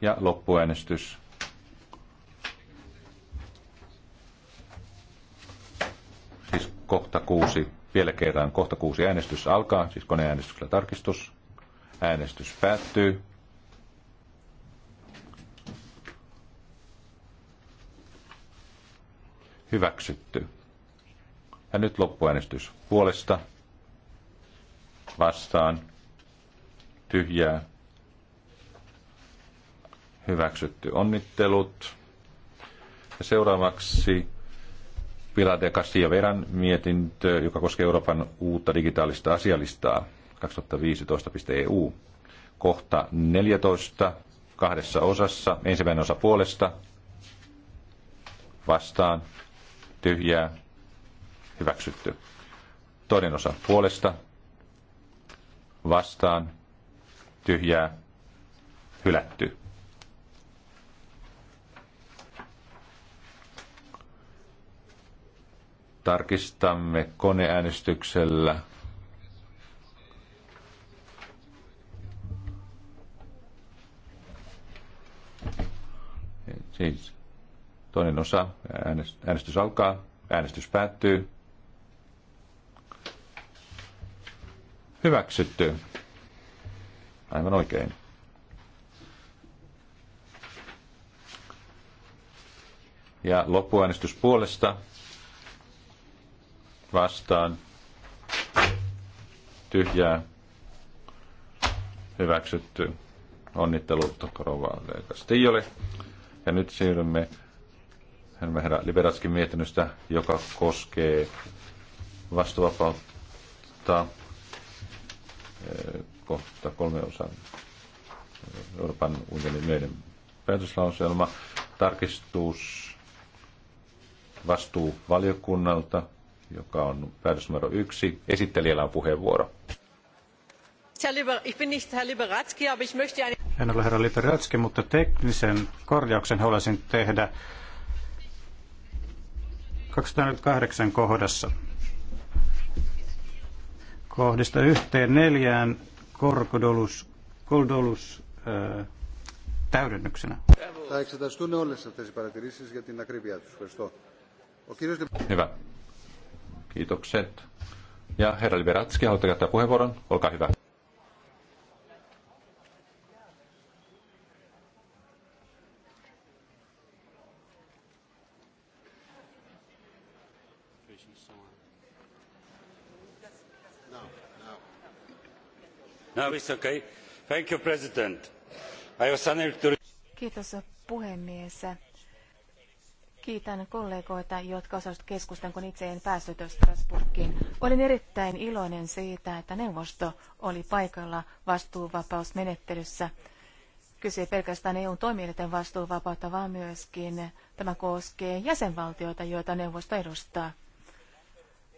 Ja loppuäänestys. Siis kohta kuusi. Vielä kerran kohta kuusi äänestys alkaa, siis koneäänestyksellä tarkistus. Äänestys päättyy. Hyväksytty. Ja nyt loppuäänestys puolesta. Vastaan. Tyhjää. Hyväksytty. Onnittelut. Ja seuraavaksi Pilar de Castillo-Veran mietintö, joka koskee Euroopan uutta digitaalista asialistaa 2015.eu. E Kohta 14 kahdessa osassa. Ensimmäinen osa puolesta vastaan tyhjää, hyväksytty. Toinen osa puolesta, vastaan, tyhjää, hylätty. Tarkistamme koneäänestyksellä. Siis Toinen osa. Äänestys alkaa. Äänestys päättyy. Hyväksytty. Aivan oikein. Ja loppuäänestys puolesta vastaan tyhjää hyväksytty. Onnittelut Korovalle Castillolle. Ja nyt siirrymme hän herra Liberatskin mietinnöstä, joka koskee vastuvapautta kohta kolme osaa Euroopan unionin meidän päätöslauselma, tarkistus vastuu valiokunnalta, joka on päätös numero yksi. Esittelijällä on puheenvuoro. En ole herra Liberatski, mutta teknisen korjauksen haluaisin tehdä 248 kohdassa. Kohdista yhteen neljään korkodolus, koldolus ää, täydennyksenä. Hyvä. Kiitokset. Ja herra Liberatski, haluatte käyttää puheenvuoron? Olkaa hyvä. Kiitos puhemies. Kiitän kollegoita, jotka osallistuivat keskusteluun kun itse en päässyt strasbourgiin. Olin erittäin iloinen siitä, että neuvosto oli paikalla vastuuvapausmenettelyssä. Kyse ei pelkästään n toimielinten vastuuvapautta, vaan myöskin tämä koskee jäsenvaltioita, joita neuvosto edustaa.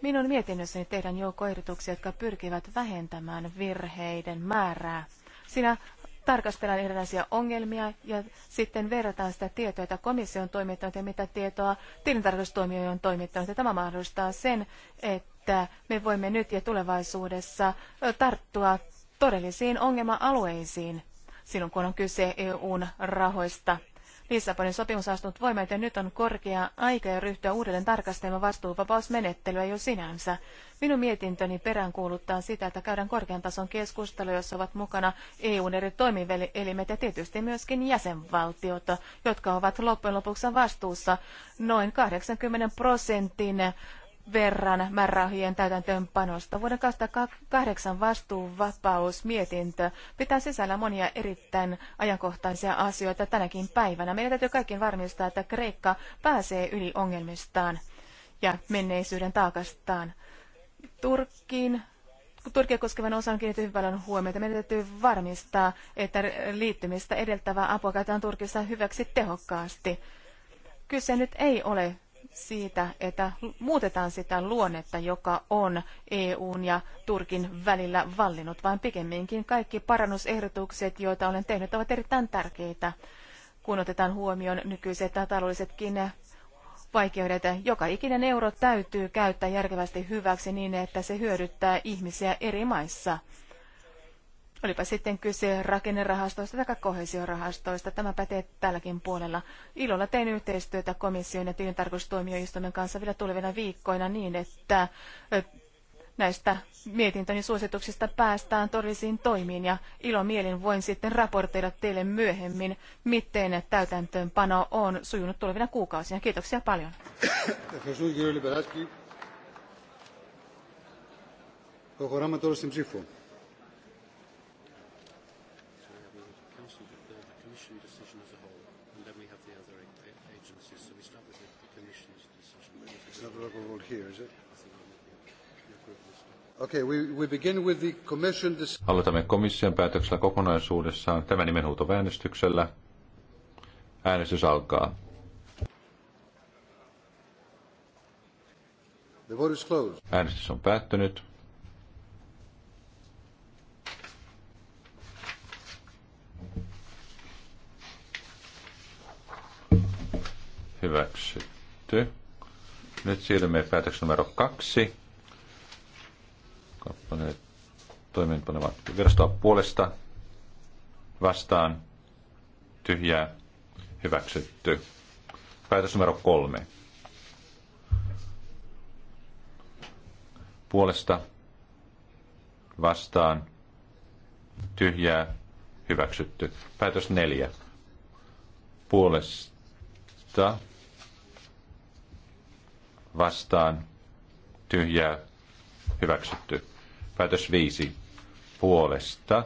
Minun mietinnössäni tehdään joukko ehdotuksia, jotka pyrkivät vähentämään virheiden määrää. Siinä tarkastellaan erilaisia ongelmia ja sitten verrataan sitä tietoa, jota komissio on toimittanut ja mitä tietoa tilintarkastustoimijoja on toimittanut. Ja tämä mahdollistaa sen, että me voimme nyt ja tulevaisuudessa tarttua todellisiin ongelma-alueisiin silloin, kun on kyse EUn rahoista Lissabonin sopimus astunut voimaan, että nyt on korkea aika ja ryhtyä uudelleen tarkastelemaan vastuuvapausmenettelyä jo sinänsä. Minun mietintöni peräänkuuluttaa sitä, että käydään korkean tason keskustelu, jossa ovat mukana EUn eri toimielimet ja tietysti myöskin jäsenvaltiot, jotka ovat loppujen lopuksi vastuussa noin 80 prosentin verran määrärahojen täytäntöönpanosta. Vuoden 2008 vastuuvapausmietintö pitää sisällä monia erittäin ajankohtaisia asioita tänäkin päivänä. Meidän täytyy kaikkien varmistaa, että Kreikka pääsee yli ongelmistaan ja menneisyyden taakastaan. Turkkiin Turkia koskevan osan kiinnitty hyvin paljon huomiota. Meidän täytyy varmistaa, että liittymistä edeltävää apua käytetään Turkissa hyväksi tehokkaasti. Kyse nyt ei ole siitä, että muutetaan sitä luonnetta, joka on EUn ja Turkin välillä vallinnut, vaan pikemminkin kaikki parannusehdotukset, joita olen tehnyt, ovat erittäin tärkeitä, kun otetaan huomioon nykyiset taloudellisetkin vaikeudet. Joka ikinen euro täytyy käyttää järkevästi hyväksi niin, että se hyödyttää ihmisiä eri maissa. Olipa sitten kyse rakennerahastoista tai kohesiorahastoista, tämä pätee tälläkin puolella. Ilolla tein yhteistyötä komission ja tilintarkastustoimioistuimen kanssa vielä tulevina viikkoina niin, että näistä mietintöni suosituksista päästään todellisiin toimiin ja mielin voin sitten raportoida teille myöhemmin, miten täytäntöönpano on sujunut tulevina kuukausina. Kiitoksia paljon. Προχωράμε τώρα στην ψήφο. Aloitamme komission päätöksellä kokonaisuudessaan tämän nimenhuutoäänestyksellä. Äänestys alkaa. The vote is closed. Äänestys on päättynyt. Hyväksytty. Nyt siirrymme päätöksen numero kaksi. Kappaleet toimeenpaneva virastoa puolesta vastaan tyhjää hyväksytty. Päätös numero kolme. Puolesta vastaan tyhjää hyväksytty. Päätös neljä. Puolesta vastaan tyhjää hyväksytty. Päätös viisi puolesta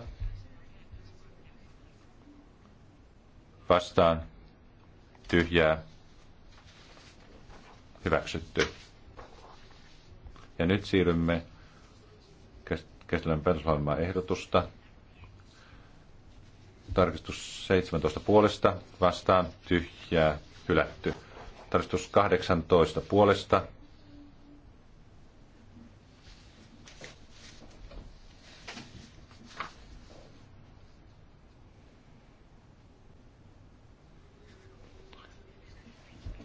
vastaan tyhjää hyväksytty. Ja nyt siirrymme käsitellään päätöslauselmaa ehdotusta. Tarkistus 17 puolesta vastaan tyhjää hylätty. Tarkistus 18 puolesta.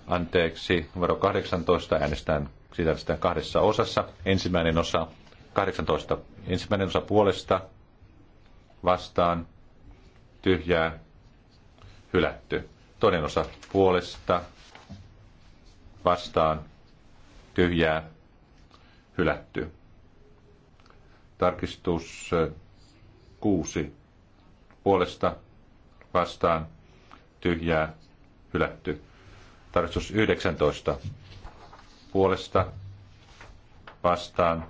Anteeksi, numero 18 äänestään sitä kahdessa osassa. Ensimmäinen osa 18. Ensimmäinen osa puolesta vastaan tyhjää hylätty. Toinen osa puolesta vastaan tyhjää hylätty. Tarkistus kuusi puolesta vastaan tyhjää hylätty. Tarkistus 19 puolesta vastaan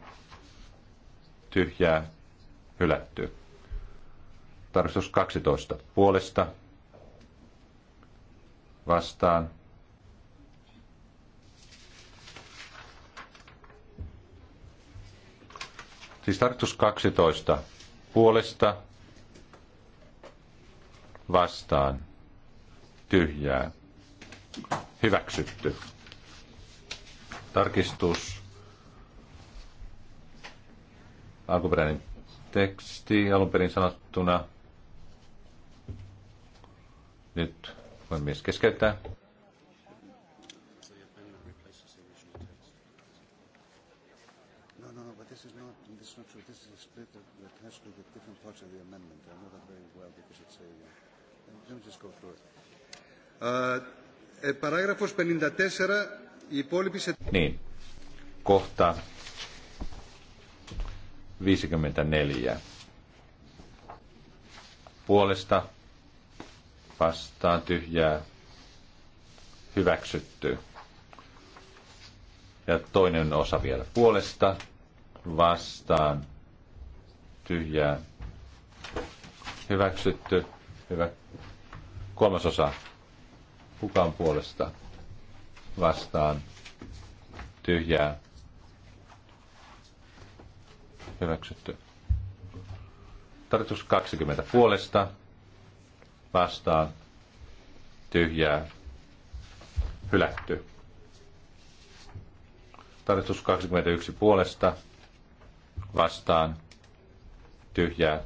tyhjää hylätty. Tarkistus 12 puolesta vastaan Siis tarkoitus 12. Puolesta vastaan tyhjää hyväksytty. Tarkistus. Alkuperäinen teksti alun perin sanottuna. Nyt voin myös keskeyttää. 54, Niin, kohta 54. Puolesta vastaan tyhjää hyväksytty. Ja toinen osa vielä puolesta vastaan tyhjää hyväksytty. Hyvä, Kolmasosa. Kukaan puolesta vastaan tyhjää hyväksytty. Tarkoitus 20 puolesta vastaan tyhjää hylätty. Tarkoitus 21 puolesta vastaan tyhjää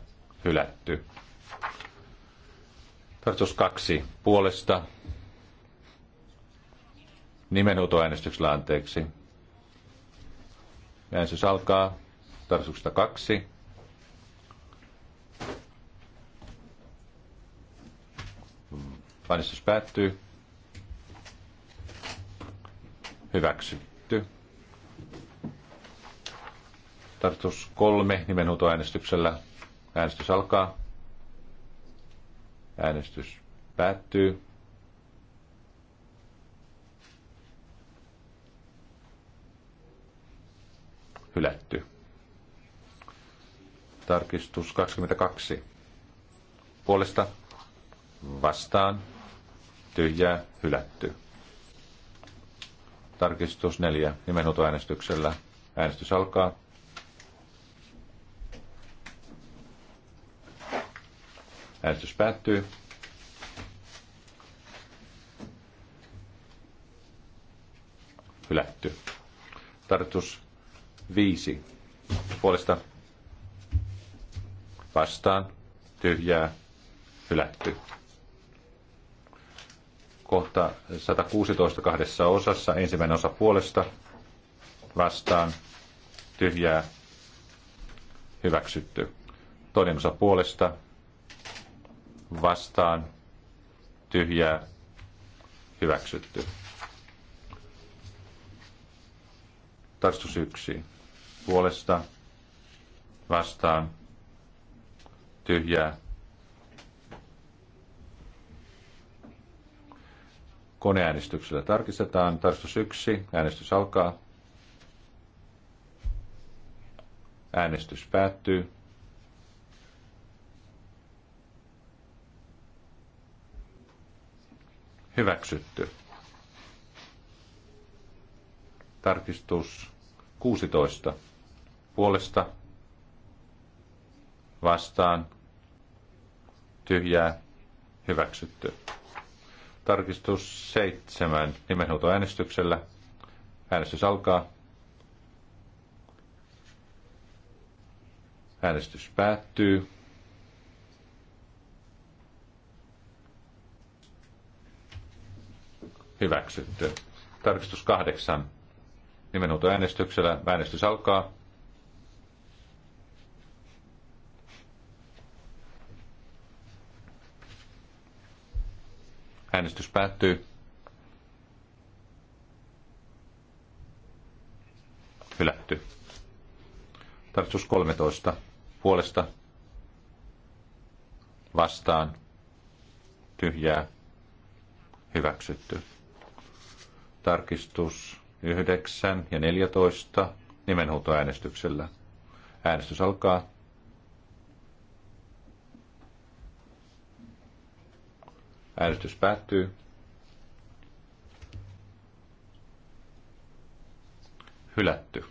hylätty. Tartus kaksi puolesta. Nimenhuutoäänestyksellä anteeksi. Äänestys alkaa. Tartuksesta kaksi. Äänestys päättyy. Hyväksytty. Tartus kolme nimenhuutoäänestyksellä. Äänestys alkaa. Äänestys päättyy. Hylätty. Tarkistus 22. Puolesta vastaan tyhjää hylätty. Tarkistus 4. Nimenhuutoäänestyksellä. Äänestys alkaa. Äänestys päättyy. Hylätty. Tartus 5. Puolesta vastaan. Tyhjää. Hylätty. Kohta 116 kahdessa osassa. Ensimmäinen osa puolesta vastaan. Tyhjää. Hyväksytty. Toinen osa puolesta vastaan tyhjää hyväksytty. Tarkistus yksi. puolesta vastaan tyhjää Koneäänestyksellä tarkistetaan. Tarkistus yksi. Äänestys alkaa. Äänestys päättyy. Hyväksytty. Tarkistus 16. Puolesta. Vastaan. Tyhjää. Hyväksytty. Tarkistus 7. Nimenhuutoäänestyksellä. Äänestys alkaa. Äänestys päättyy. hyväksytty. Tarkistus kahdeksan. Nimenhuuto äänestyksellä. Äänestys alkaa. Äänestys päättyy. Hylätty. Tarkistus 13. Puolesta. Vastaan. Tyhjää. Hyväksytty. Tarkistus 9 ja 14 nimenhuutoäänestyksellä. Äänestys alkaa. Äänestys päättyy. Hylätty.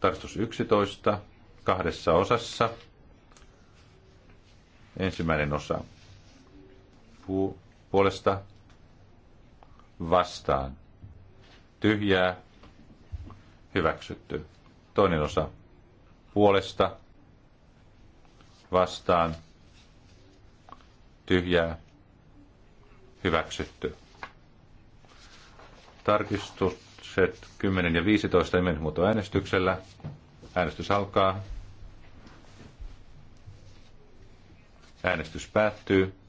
Tarkistus 11 kahdessa osassa. Ensimmäinen osa. Puu puolesta vastaan. Tyhjää hyväksytty. Toinen osa puolesta vastaan. Tyhjää hyväksytty. Tarkistukset 10 ja 15 äänestyksellä. Äänestys alkaa. Äänestys päättyy.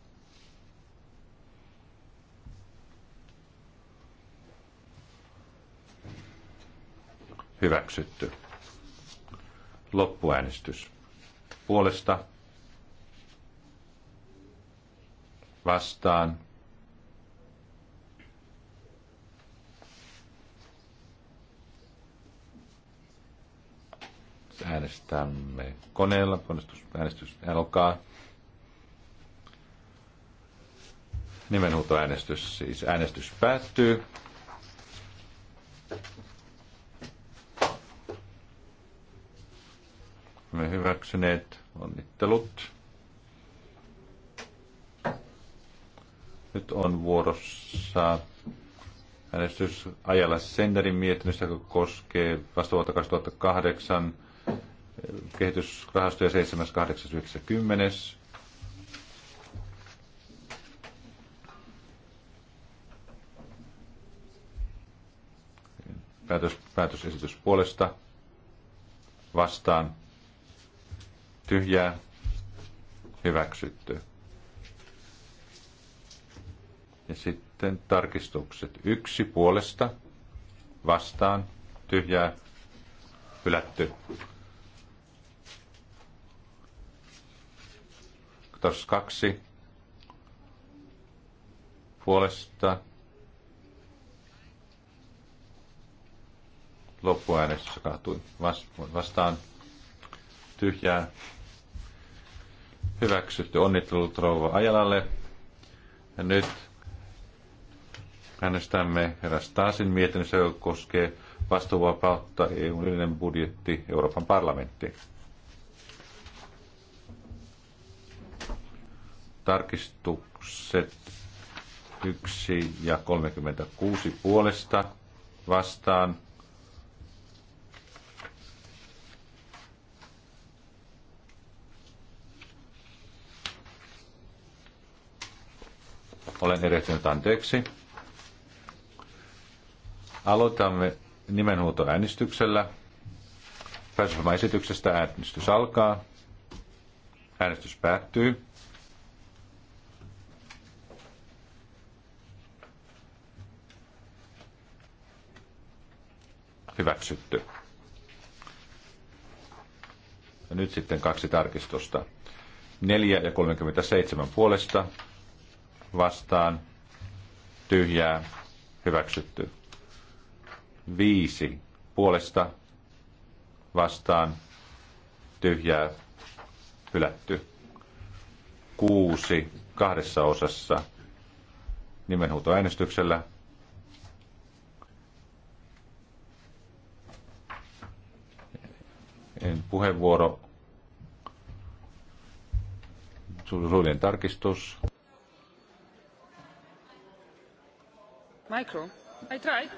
hyväksytty. Loppuäänestys. Puolesta vastaan äänestämme koneella. Ponnistus, äänestys alkaa. Nimenhuutoäänestys, siis äänestys päättyy. me hyväksyneet. Onnittelut. Nyt on vuorossa äänestys Ajalla Senderin mietinnöstä, joka koskee vuotta 2008 kehitysrahastoja 7.8.90. Päätös, päätösesitys puolesta vastaan tyhjää, hyväksytty. Ja sitten tarkistukset. Yksi puolesta, vastaan, tyhjää, hylätty. Tuossa kaksi, puolesta, loppuäänestys kaatui vastaan tyhjää Hyväksytty. Onnittelut rouva Ajalalle. Ja nyt äänestämme herra Stasin mietinnössä, joka koskee vastuuvapautta EUn yleinen budjetti Euroopan parlamentti. Tarkistukset 1 ja 36 puolesta vastaan Olen erehtynyt anteeksi. Aloitamme nimenhuutoäänestyksellä. esityksestä äänestys alkaa. Äänestys päättyy. Hyväksytty. Ja nyt sitten kaksi tarkistusta. 4 ja 37 puolesta vastaan tyhjää hyväksytty. Viisi puolesta vastaan tyhjää hylätty. Kuusi kahdessa osassa nimenhuutoäänestyksellä. En puheenvuoro. Suljen tarkistus. arvoisa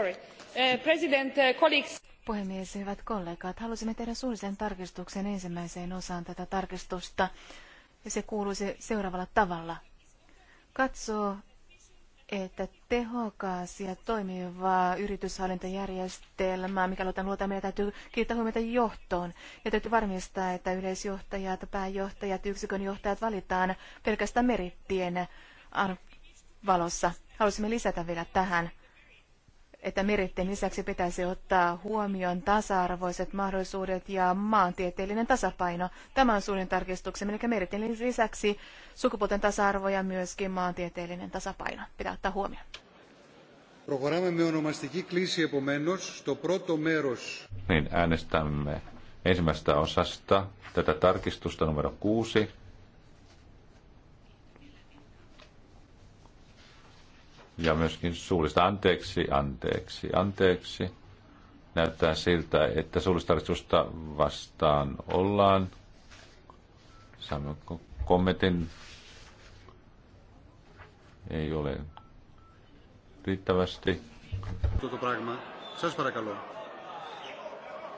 uh, uh, Puhemies, hyvät kollegat, halusimme tehdä suullisen tarkistuksen ensimmäiseen osaan tätä tarkistusta. Ja se kuuluisi seuraavalla tavalla. Katsoo, että tehokas ja toimiva yrityshallintajärjestelmä, mikä luotan luota, meidän täytyy kiittää huomiota johtoon. Ja täytyy varmistaa, että yleisjohtajat, pääjohtajat, yksikön johtajat valitaan pelkästään merittien valossa. Halusimme lisätä vielä tähän, että meritten lisäksi pitäisi ottaa huomioon tasa-arvoiset mahdollisuudet ja maantieteellinen tasapaino. Tämä on suurin tarkistuksemme, eli meritten lisäksi sukupuolten tasa-arvo ja myöskin maantieteellinen tasapaino pitää ottaa huomioon. Προχωράμε με ονομαστική κλίση επομένως στο πρώτο μέρος. Niin, äänestämme ensimmäisestä osasta tätä tarkistusta numero kuusi ja myöskin suullista anteeksi, anteeksi, anteeksi. Näyttää siltä, että suullista vastaan ollaan. Saamme kommentin. Ei ole riittävästi. pragma.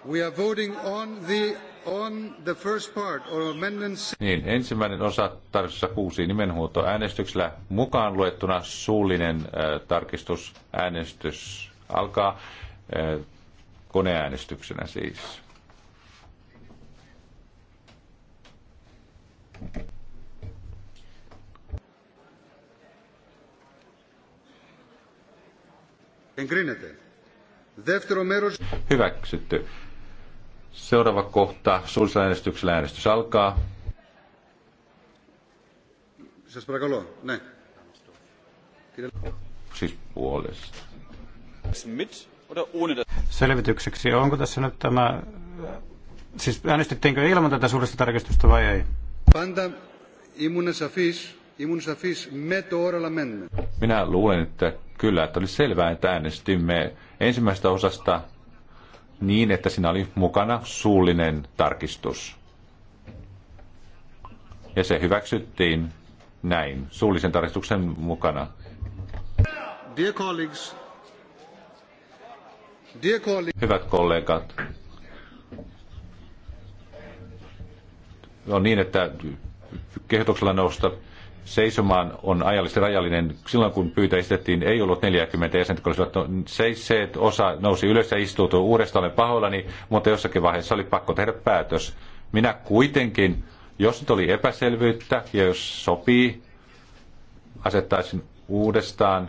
We are voting on the on the first part, or amendments... Niin, ensimmäinen osa tarkistuksessa kuusi nimenhuuto äänestyksellä mukaan luettuna suullinen äh, tarkistus äänestys alkaa äh, koneäänestyksenä siis. Hyväksytty. Seuraava kohta. Suullisella äänestyksellä äänestys alkaa. Siis puolesta. Selvitykseksi, onko tässä nyt tämä... Siis äänestettiinkö ilman tätä suullista tarkistusta vai ei? Panta imun safis, imun safis me Minä luulen, että kyllä, että oli selvää, että äänestimme ensimmäisestä osasta niin, että siinä oli mukana suullinen tarkistus. Ja se hyväksyttiin näin, suullisen tarkistuksen mukana. Dear colleagues, dear colleagues. Hyvät kollegat, on niin, että kehotuksella nousta seisomaan on ajallisesti rajallinen. Silloin kun pyytä esitettiin, ei ollut 40 jäsentä, kun olisivat, no, se, se, että osa nousi ylös ja istuutui uudestaan, olen pahoillani, mutta jossakin vaiheessa oli pakko tehdä päätös. Minä kuitenkin, jos nyt oli epäselvyyttä ja jos sopii, asettaisin uudestaan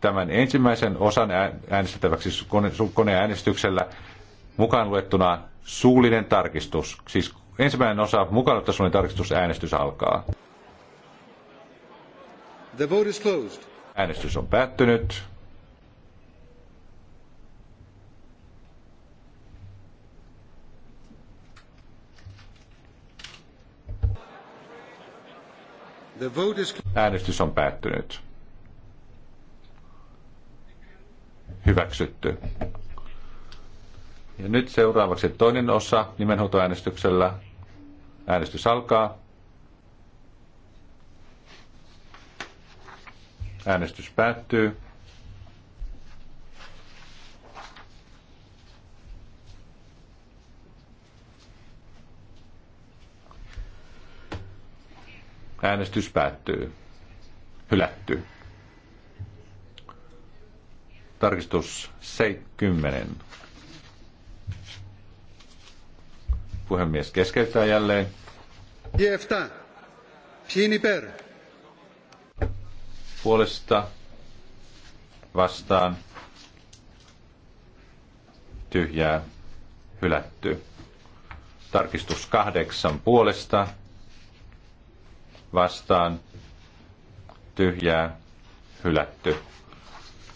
tämän ensimmäisen osan äänestettäväksi koneäänestyksellä mukaan luettuna suullinen tarkistus. Siis ensimmäinen osa mukaan luettuna suullinen tarkistus äänestys alkaa. The vote is closed. Äänestys on päättynyt. The vote is... Äänestys on päättynyt. Hyväksytty. Ja nyt seuraavaksi toinen osa nimenhuutoäänestyksellä. Äänestys alkaa. Äänestys päättyy. Äänestys päättyy. Hylätty. Tarkistus 70. Puhemies keskeyttää jälleen. Jefta. Pieni per puolesta vastaan tyhjää hylätty. Tarkistus kahdeksan puolesta vastaan tyhjää hylätty.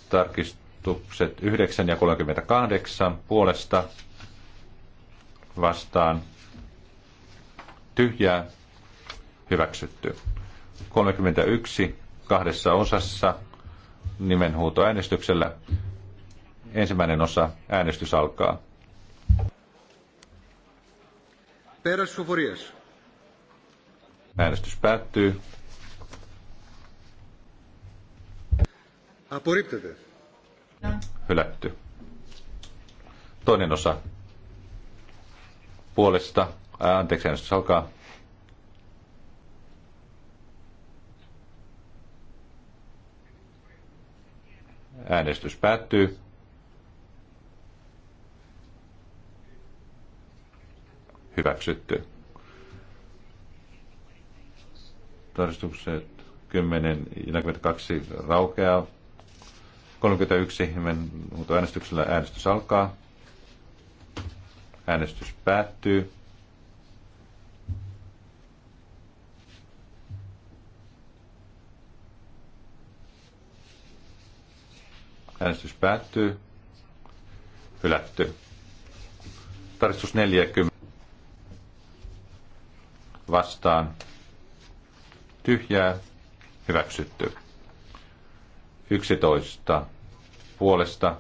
Tarkistukset 9 ja 38 puolesta vastaan tyhjää hyväksytty. 31 kahdessa osassa nimenhuutoäänestyksellä. Ensimmäinen osa äänestys alkaa. Äänestys päättyy. Hylätty. Toinen osa. Puolesta. anteeksi, äänestys alkaa. Äänestys päättyy. Hyväksytty. Tarkistukset 10 ja 42 raukeaa. 31 äänestyksellä äänestys alkaa. Äänestys päättyy. Äänestys päättyy. Hylätty. Tarkistus 40. Vastaan. Tyhjää. Hyväksytty. 11. Puolesta.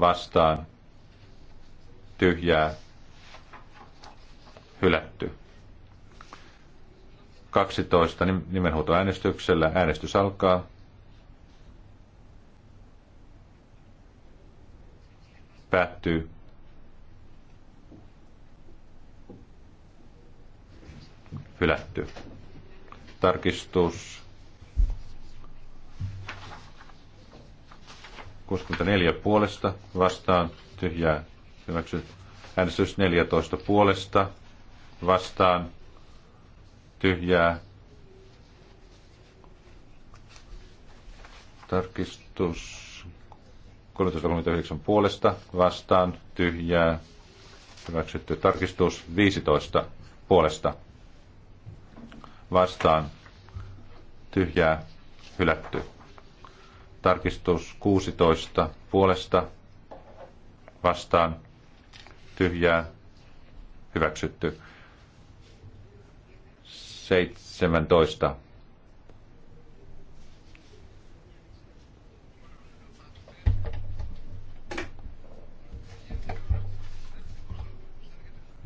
Vastaan. Tyhjää. Hylätty. 12. Nimenhuutoäänestyksellä äänestys alkaa. päättyy. Hylätty. Tarkistus 64 puolesta vastaan tyhjää hyväksyt. Äänestys 14 puolesta vastaan tyhjää tarkistus 1339 puolesta vastaan tyhjää. Hyväksytty tarkistus 15 puolesta vastaan tyhjää hylätty. Tarkistus 16 puolesta vastaan tyhjää hyväksytty. 17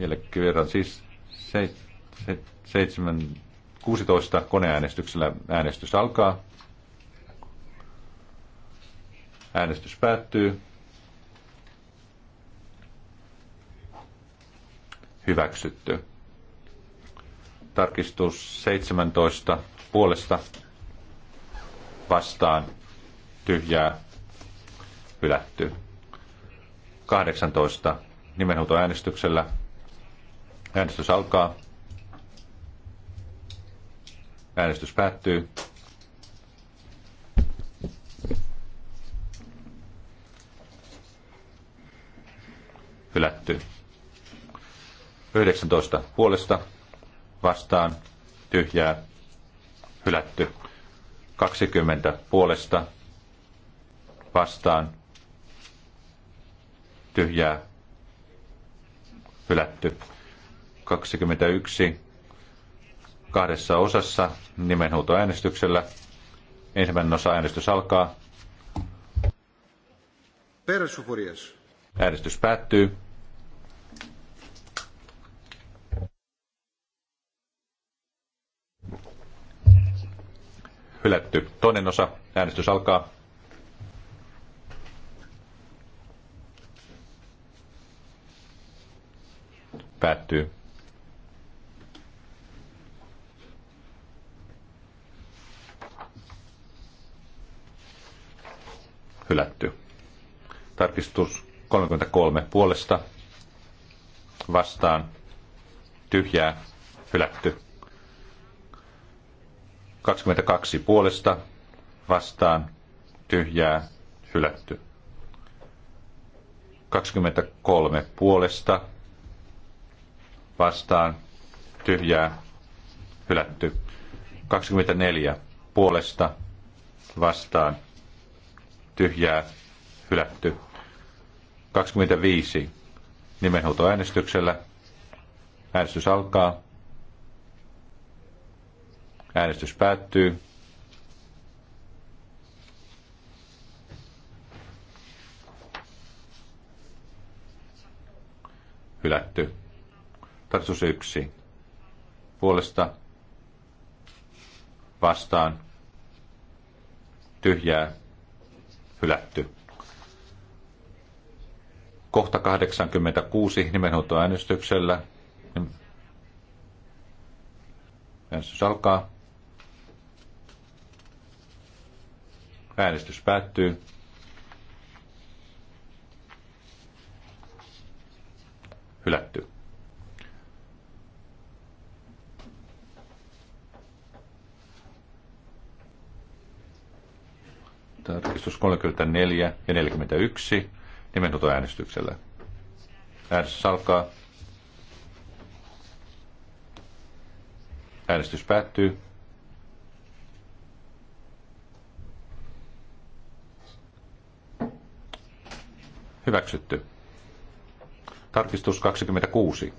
jälkeen verran. Siis seitsemän, 16 koneäänestyksellä äänestys alkaa. Äänestys päättyy. Hyväksytty. Tarkistus 17 puolesta vastaan tyhjää hylätty. 18 nimenhuutoäänestyksellä äänestyksellä Äänestys alkaa. Äänestys päättyy. Hylätty. 19 puolesta vastaan tyhjää hylätty. 20 puolesta vastaan tyhjää hylätty. 21 kahdessa osassa nimenhuutoäänestyksellä. Ensimmäinen osa äänestys alkaa. Äänestys päättyy. Hylätty. Toinen osa. Äänestys alkaa. Päättyy. hylätty. Tarkistus 33 puolesta vastaan tyhjää hylätty. 22 puolesta vastaan tyhjää hylätty. 23 puolesta vastaan tyhjää hylätty. 24 puolesta vastaan tyhjää, hylätty. 25. äänestyksellä. Äänestys alkaa. Äänestys päättyy. Hylätty. Tartus 1. Puolesta. Vastaan. Tyhjää hylätty. Kohta 86 nimenhuutoäänestyksellä. Äänestys alkaa. Äänestys päättyy. Hylätty. tarkistus 34 ja 41 nimenhuutoäänestyksellä. Äänestys alkaa. Äänestys päättyy. Hyväksytty. Tarkistus 26.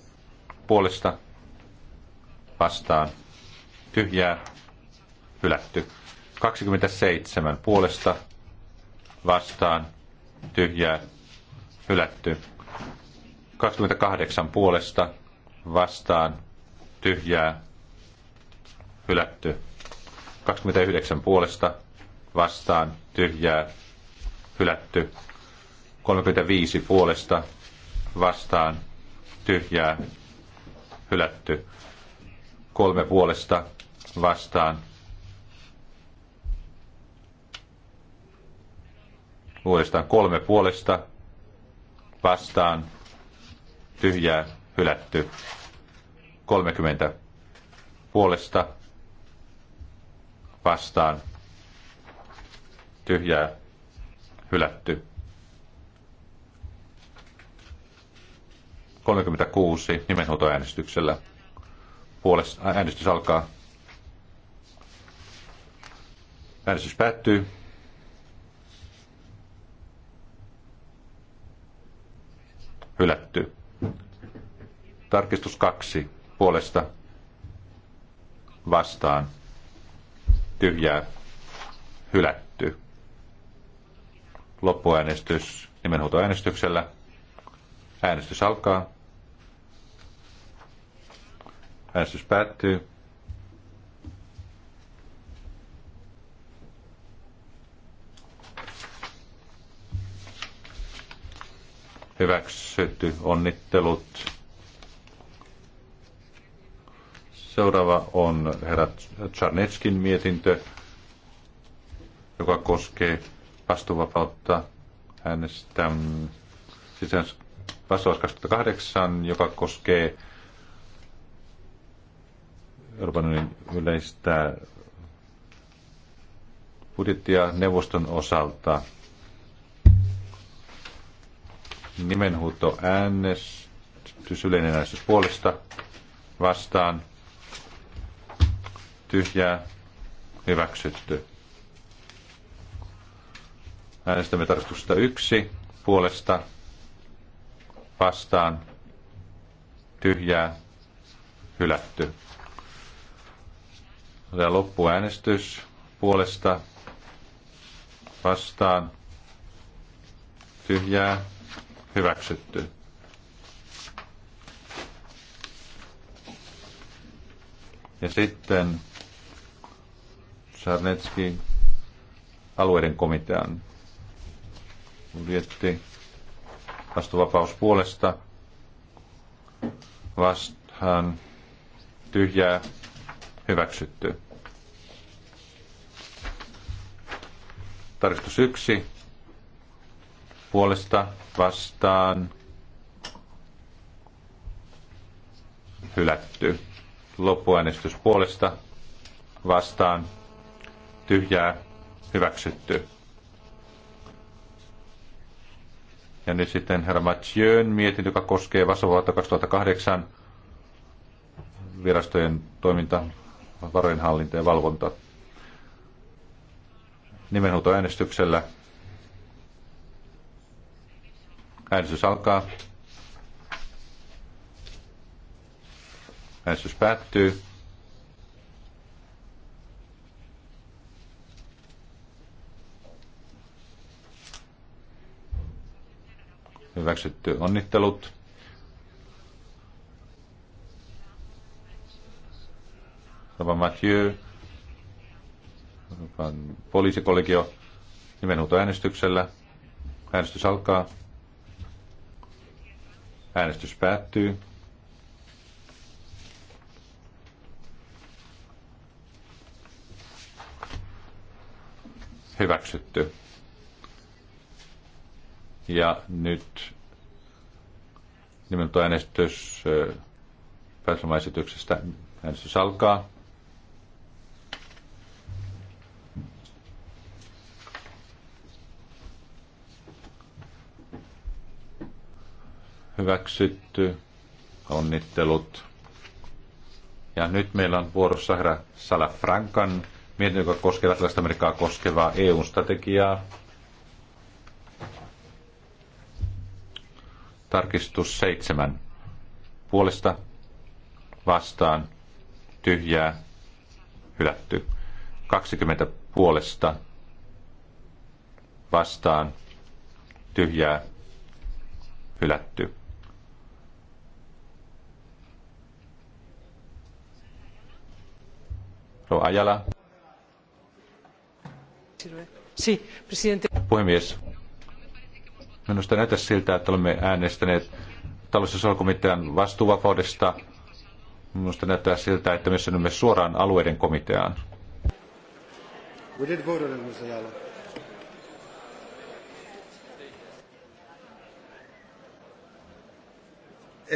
Puolesta vastaan tyhjää hylätty. 27 puolesta vastaan tyhjää hylätty. 28 puolesta vastaan tyhjää hylätty. 29 puolesta vastaan tyhjää hylätty. 35 puolesta vastaan tyhjää hylätty. 3 puolesta vastaan Uudestaan kolme puolesta vastaan tyhjää hylätty. 30 puolesta vastaan tyhjää hylätty. 36 nimenhuutoäänestyksellä. Puolesta, äänestys alkaa. Äänestys päättyy. hylätty. Tarkistus kaksi puolesta vastaan tyhjää hylätty. Loppuäänestys nimenhuutoäänestyksellä. Äänestys alkaa. Äänestys päättyy. hyväksytty. Onnittelut. Seuraava on herra Czarneckin mietintö, joka koskee vastuuvapautta hänestä sisään vastaus 2008, joka koskee Euroopan unionin yleistä budjettia neuvoston osalta. Nimenhuuto äänestys, yleinen äänestys puolesta, vastaan, tyhjää, hyväksytty. Äänestämme tarkistusta yksi, puolesta, vastaan, tyhjää, hylätty. Otetaan loppuäänestys puolesta, vastaan, tyhjää, hyväksytty. Ja sitten Sarnetski alueiden komitean budjetti vastuvapaus puolesta vastaan tyhjää hyväksytty. Tarkistus yksi puolesta vastaan hylätty. Loppuäänestys puolesta vastaan tyhjää hyväksytty. Ja nyt sitten herra Mathieu'n mietintö, joka koskee vasovuotta 2008 virastojen toiminta, varojen hallinta ja valvonta. Nimenhuutoäänestyksellä Äänestys alkaa. Äänestys päättyy. Hyväksytty onnittelut. Rova Mathieu, poliisikollegio nimenhuutoäänestyksellä. Äänestys alkaa. Äänestys päättyy. Hyväksytty. Ja nyt äänestys päätelmäesityksestä. Äänestys alkaa. hyväksytty. Onnittelut. Ja nyt meillä on vuorossa herra Frankan, mietintö, joka koskee Latinalaista Amerikkaa koskevaa EU-strategiaa. Tarkistus seitsemän. Puolesta vastaan tyhjää hylätty. 20 puolesta vastaan tyhjää hylätty. Puhemies, minusta näyttää siltä, että olemme äänestäneet sosiaalikomitean vastuuvapaudesta. Minusta näyttää siltä, että me sanomme suoraan alueiden komiteaan.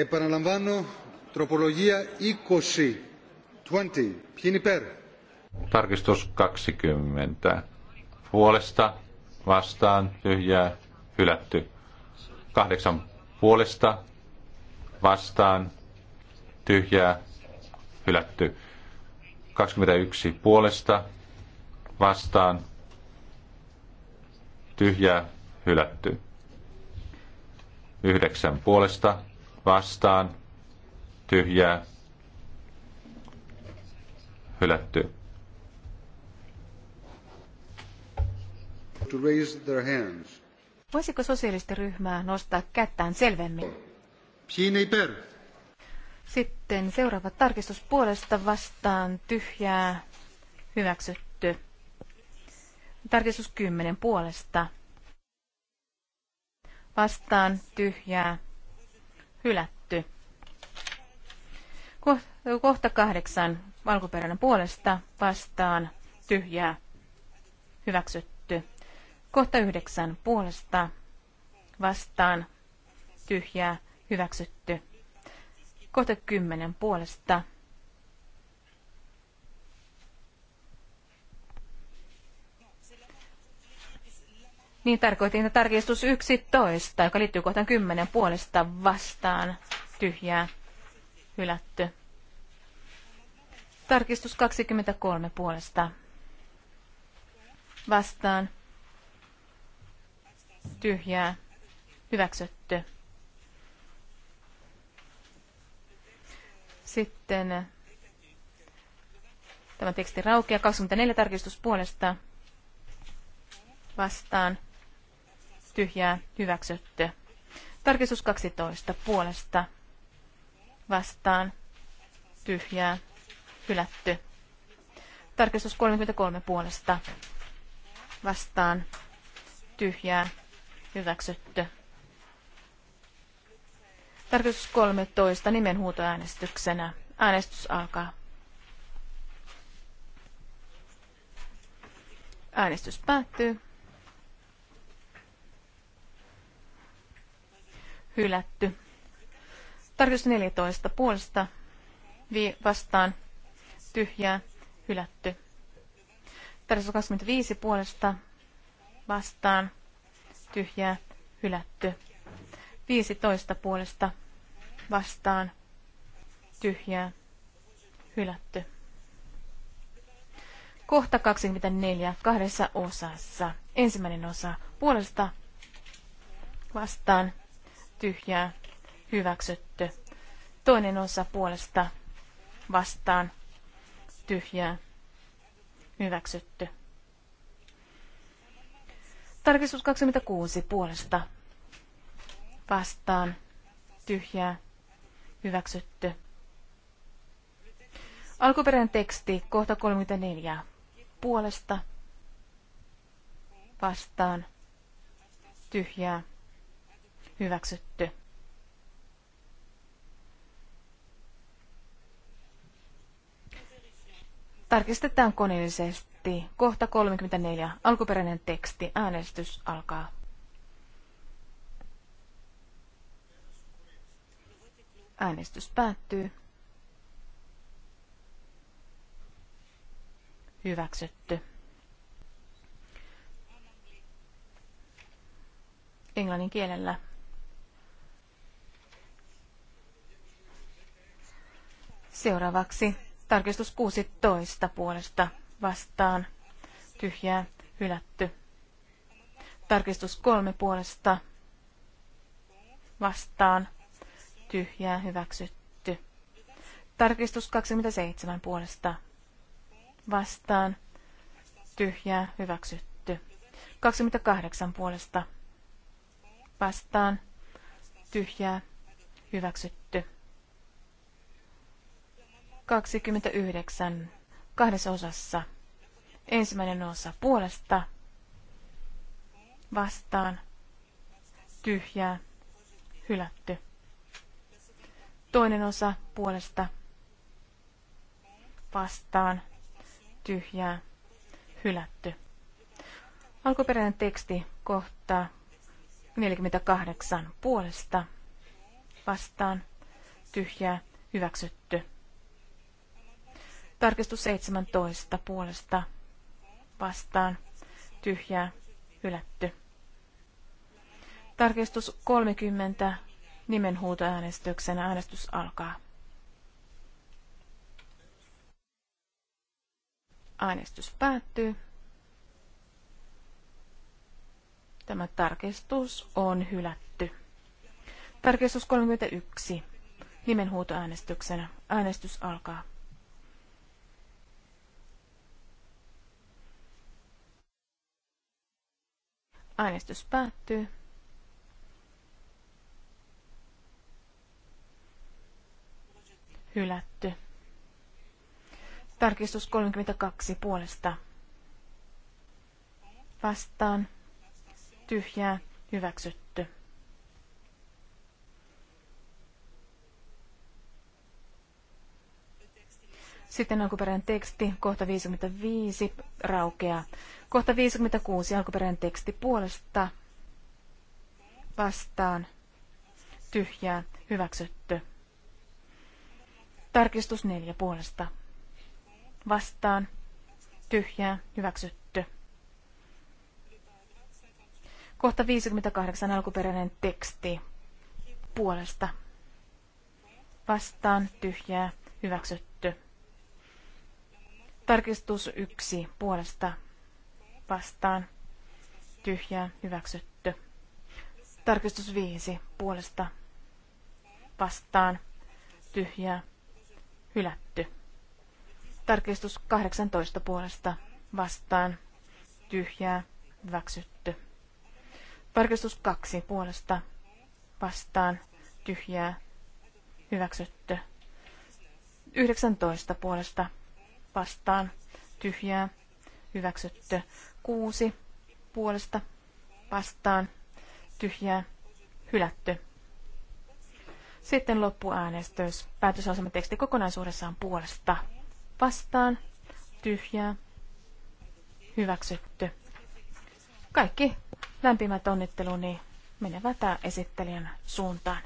Επαναλαμβάνω, τροπολογία 20. 20. Ποιοι είναι υπέρ. Tarkistus 20. Puolesta vastaan tyhjää hylätty. Kahdeksan puolesta vastaan tyhjää hylätty. 21 puolesta vastaan tyhjää hylätty. 9 puolesta vastaan tyhjää hylätty. to raise their hands. Voisiko sosialistiryhmää nostaa kättään selvemmin? Sitten seuraava tarkistus puolesta vastaan tyhjää hyväksytty. Tarkistus 10 puolesta vastaan tyhjää hylätty. Kohta kahdeksan alkuperäinen puolesta vastaan tyhjää hyväksytty. Kohta yhdeksän puolesta vastaan tyhjää hyväksytty. Kohta kymmenen puolesta Niin tarkoitin, että tarkistus 11, joka liittyy kohtaan 10 puolesta vastaan, tyhjää, hylätty. Tarkistus 23 puolesta vastaan, tyhjää, hyväksytty. Sitten äh, tämä teksti raukeaa. 24 tarkistus puolesta vastaan tyhjää, hyväksytty. Tarkistus 12 puolesta vastaan tyhjää, hylätty. Tarkistus 33 puolesta vastaan tyhjää, Hyväksytty. Tarkistus 13 nimenhuutoäänestyksenä. Äänestys alkaa. Äänestys päättyy. Hylätty. Tarkistus 14 puolesta vi- vastaan tyhjää hylätty. Tarkistus 25 puolesta vastaan tyhjää hylätty. 15 puolesta vastaan tyhjää hylätty. Kohta 24 kahdessa osassa. Ensimmäinen osa puolesta vastaan tyhjää hyväksytty. Toinen osa puolesta vastaan tyhjää hyväksytty. Tarkistus 26 puolesta vastaan tyhjää hyväksytty. Alkuperäinen teksti, kohta 34. Puolesta vastaan tyhjää hyväksytty. Tarkistetaan koneellisesti. Kohta 34. Alkuperäinen teksti. Äänestys alkaa. Äänestys päättyy. Hyväksytty. Englannin kielellä. Seuraavaksi Tarkistus 16 puolesta vastaan tyhjää hylätty. Tarkistus 3 puolesta vastaan tyhjää hyväksytty. Tarkistus 27 puolesta vastaan tyhjää hyväksytty. 28 puolesta vastaan tyhjää hyväksytty. 29 kahdessa osassa. Ensimmäinen osa puolesta vastaan tyhjää hylätty. Toinen osa puolesta vastaan tyhjää hylätty. Alkuperäinen teksti kohtaa 48 puolesta vastaan tyhjää hyväksytty. Tarkistus 17 puolesta vastaan tyhjää hylätty. Tarkistus 30 nimenhuutoäänestyksen äänestys alkaa. Äänestys päättyy. Tämä tarkistus on hylätty. Tarkistus 31. Nimenhuutoäänestyksenä. Äänestys alkaa. Äänestys päättyy. Hylätty. Tarkistus 32 puolesta. Vastaan. Tyhjää. Hyväksytty. Sitten alkuperäinen teksti, kohta 55, raukeaa. Kohta 56, alkuperäinen teksti puolesta vastaan tyhjää hyväksytty. Tarkistus neljä puolesta vastaan tyhjää hyväksytty. Kohta 58 alkuperäinen teksti puolesta vastaan tyhjää hyväksytty. Tarkistus yksi puolesta vastaan tyhjää hyväksytty. Tarkistus viisi puolesta vastaan tyhjää hylätty. Tarkistus 18 puolesta vastaan tyhjää hyväksytty. Tarkistus 2 puolesta vastaan tyhjää hyväksytty. 19 puolesta vastaan tyhjää hyväksytty. Kuusi puolesta vastaan tyhjää hylätty. Sitten loppuäänestys. Päätösasema teksti kokonaisuudessaan puolesta vastaan tyhjää hyväksytty. Kaikki lämpimät onnitteluni menevät esittelijän suuntaan.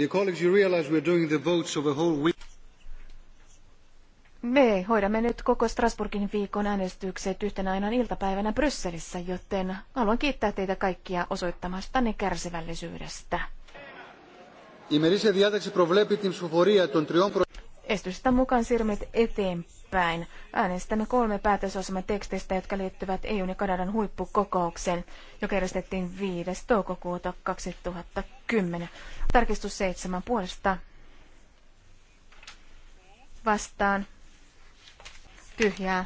Dear colleagues, you realize we're doing the votes of a whole week. Me hoidamme nyt koko Strasburgin viikon äänestykset yhtenä aina iltapäivänä Brysselissä, joten haluan kiittää teitä kaikkia osoittamastanne kärsivällisyydestä. Esitystä mukaan siirrymme eteenpäin päin. Äänestämme kolme päätösosaman tekstistä, jotka liittyvät EUn ja Kanadan huippukokoukseen, joka järjestettiin 5. toukokuuta 2010. Tarkistus seitsemän puolesta vastaan tyhjää.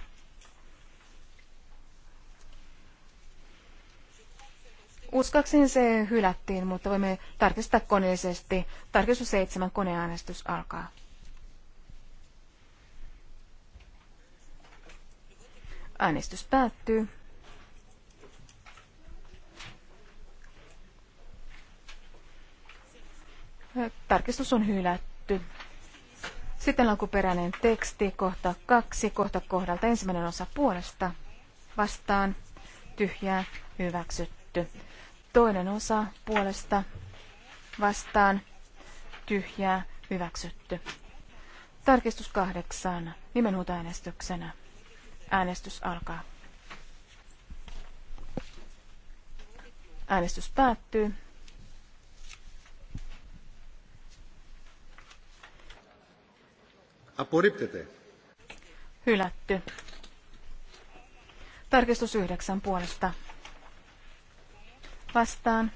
Uskakseni se hylättiin, mutta voimme tarkistaa koneellisesti. Tarkistus seitsemän koneäänestys alkaa. Äänestys päättyy. Tarkistus on hylätty. Sitten alkuperäinen teksti, kohta kaksi, kohta kohdalta ensimmäinen osa puolesta. Vastaan, tyhjää, hyväksytty. Toinen osa puolesta, vastaan, tyhjää, hyväksytty. Tarkistus kahdeksan, nimenhuutoäänestyksenä. Äänestys alkaa. Äänestys päättyy. Απορρίπτεται. Hylätty. Tarkistus yhdeksän puolesta. Vastaan.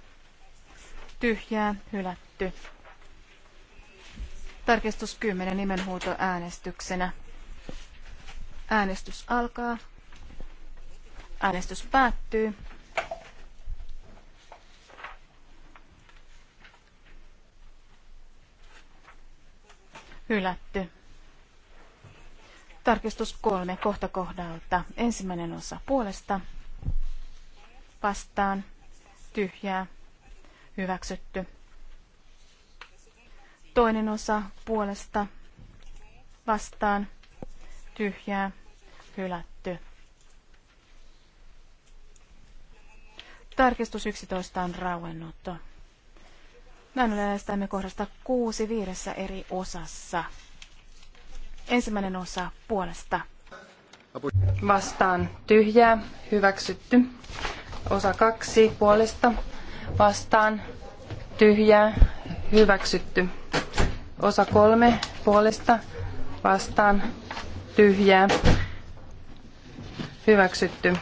Tyhjää. Hylätty. Tarkistus kymmenen nimenhuuto äänestyksenä. Äänestys alkaa. Äänestys päättyy. Hylätty. Tarkistus kolme kohta kohdalta. Ensimmäinen osa puolesta. Vastaan. Tyhjää. Hyväksytty. Toinen osa puolesta. Vastaan. Tyhjää hylätty. Tarkistus 11 on rauennut. Näin äänestämme kohdasta kuusi viidessä eri osassa. Ensimmäinen osa puolesta. Vastaan tyhjää, hyväksytty. Osa kaksi puolesta. Vastaan tyhjää, hyväksytty. Osa kolme puolesta. Vastaan tyhjää, Hyväksytty.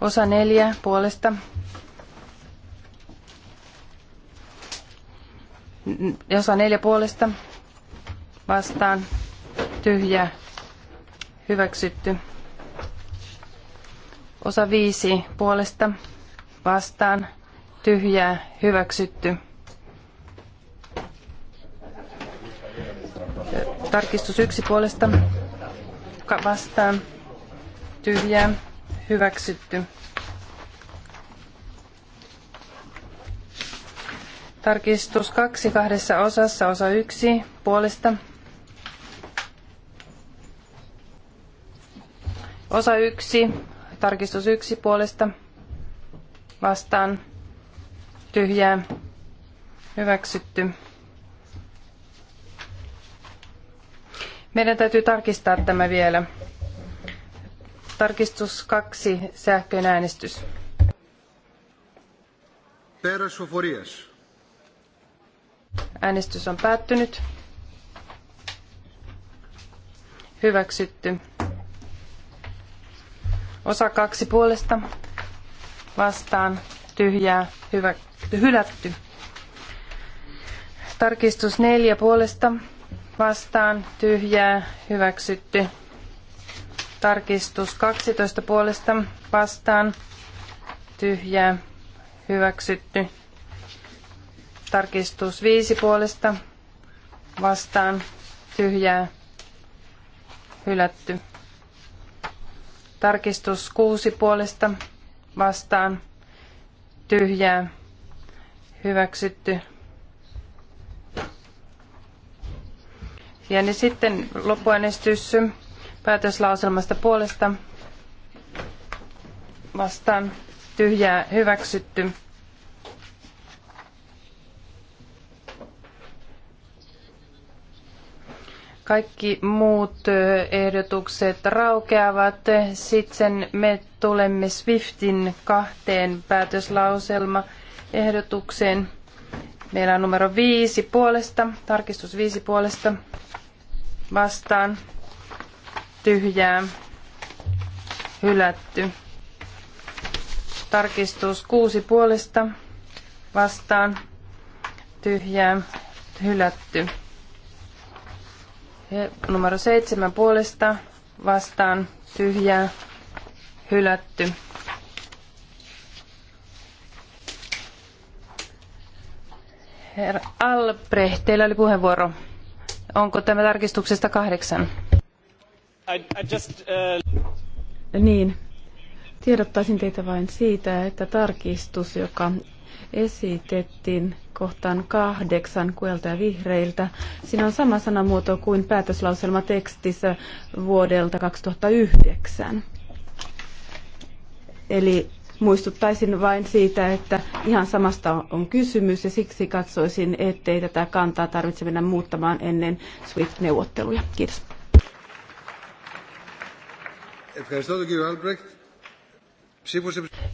Osa neljä puolesta. Osa neljä puolesta. Vastaan. Tyhjä. Hyväksytty. Osa viisi puolesta. Vastaan. Tyhjää. Hyväksytty. Tarkistus yksi puolesta. Vastaan tyhjää hyväksytty. Tarkistus kaksi kahdessa osassa, osa yksi puolesta. Osa yksi, tarkistus yksi puolesta. Vastaan tyhjää hyväksytty. Meidän täytyy tarkistaa tämä vielä. Tarkistus kaksi, sähköinen äänestys. Äänestys on päättynyt. Hyväksytty. Osa kaksi puolesta. Vastaan. Tyhjää. Hyvä, hylätty. Tarkistus neljä puolesta. Vastaan. Tyhjää. Hyväksytty. Tarkistus 12 puolesta vastaan. Tyhjää. Hyväksytty. Tarkistus 5 puolesta vastaan. Tyhjää. Hylätty. Tarkistus 6 puolesta vastaan. Tyhjää. Hyväksytty. Ja niin sitten loppuäänestys päätöslauselmasta puolesta vastaan tyhjää hyväksytty. Kaikki muut ehdotukset raukeavat. Sitten me tulemme Swiftin kahteen päätöslauselma ehdotukseen. Meillä on numero viisi puolesta, tarkistus viisi puolesta vastaan tyhjää hylätty. Tarkistus kuusi puolesta vastaan tyhjää hylätty. Numero seitsemän puolesta vastaan tyhjää hylätty. Herra Albrecht, teillä oli puheenvuoro. Onko tämä tarkistuksesta kahdeksan? Uh, niin, tiedottaisin teitä vain siitä, että tarkistus, joka esitettiin kohtaan kahdeksan kuelta ja vihreiltä. Siinä on sama sanamuoto kuin päätöslauselma tekstissä vuodelta 2009. Eli muistuttaisin vain siitä, että ihan samasta on kysymys ja siksi katsoisin, ettei tätä kantaa tarvitse mennä muuttamaan ennen SWIFT-neuvotteluja. Kiitos.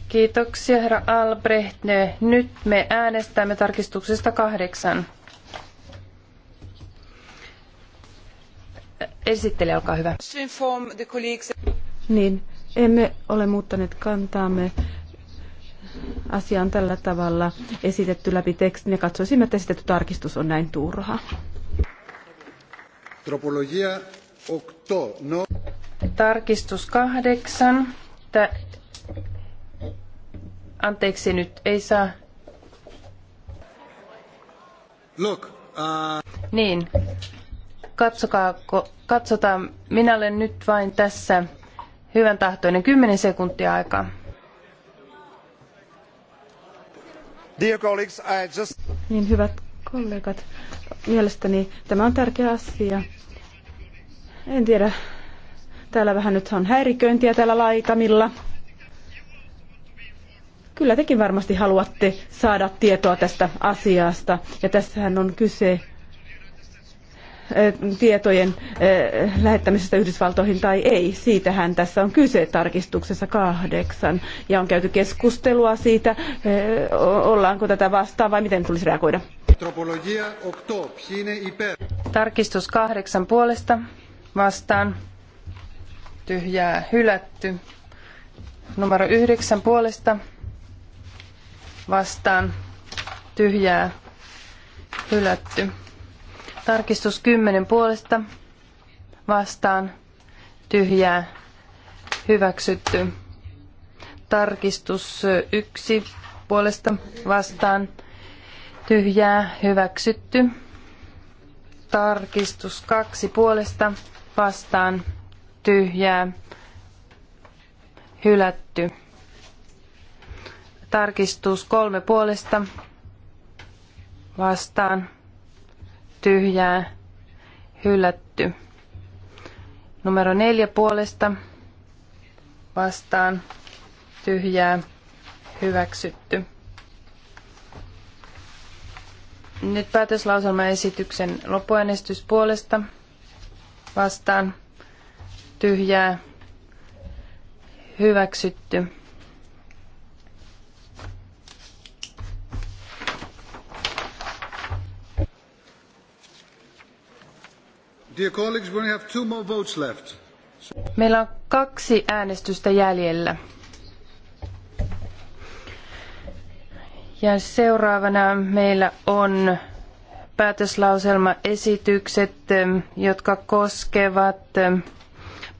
Kiitoksia, herra Albrecht. Nyt me äänestämme tarkistuksesta kahdeksan. Esittele, olkaa hyvä. Niin, emme ole muuttaneet kantaamme asiaan tällä tavalla esitetty läpi tekstin ja katsoisimme, että esitetty tarkistus on näin turha. Tropologia 8, no. Tarkistus kahdeksan. Tä, anteeksi nyt, ei saa. Look, uh... Niin, katsokaa, katsotaan. Minä olen nyt vain tässä hyvän tahtoinen kymmenen sekuntia aikaa. Dear colleagues, I just... Niin hyvät kollegat, mielestäni tämä on tärkeä asia. En tiedä, Täällä vähän nyt on häiriköintiä täällä laitamilla. Kyllä tekin varmasti haluatte saada tietoa tästä asiasta. Ja tässähän on kyse eh, tietojen eh, lähettämisestä Yhdysvaltoihin tai ei. Siitähän tässä on kyse tarkistuksessa kahdeksan. Ja on käyty keskustelua siitä, eh, ollaanko tätä vastaan vai miten tulisi reagoida. Tarkistus kahdeksan puolesta vastaan tyhjää hylätty. Numero yhdeksän puolesta vastaan tyhjää hylätty. Tarkistus kymmenen puolesta vastaan tyhjää hyväksytty. Tarkistus yksi puolesta vastaan tyhjää hyväksytty. Tarkistus kaksi puolesta vastaan tyhjää, hylätty. Tarkistus kolme puolesta, vastaan, tyhjää, hylätty. Numero neljä puolesta, vastaan, tyhjää, hyväksytty. Nyt päätöslauselmaesityksen loppuäänestys puolesta vastaan tyhjää hyväksytty. Meillä on kaksi äänestystä jäljellä. Ja seuraavana meillä on päätöslauselmaesitykset, jotka koskevat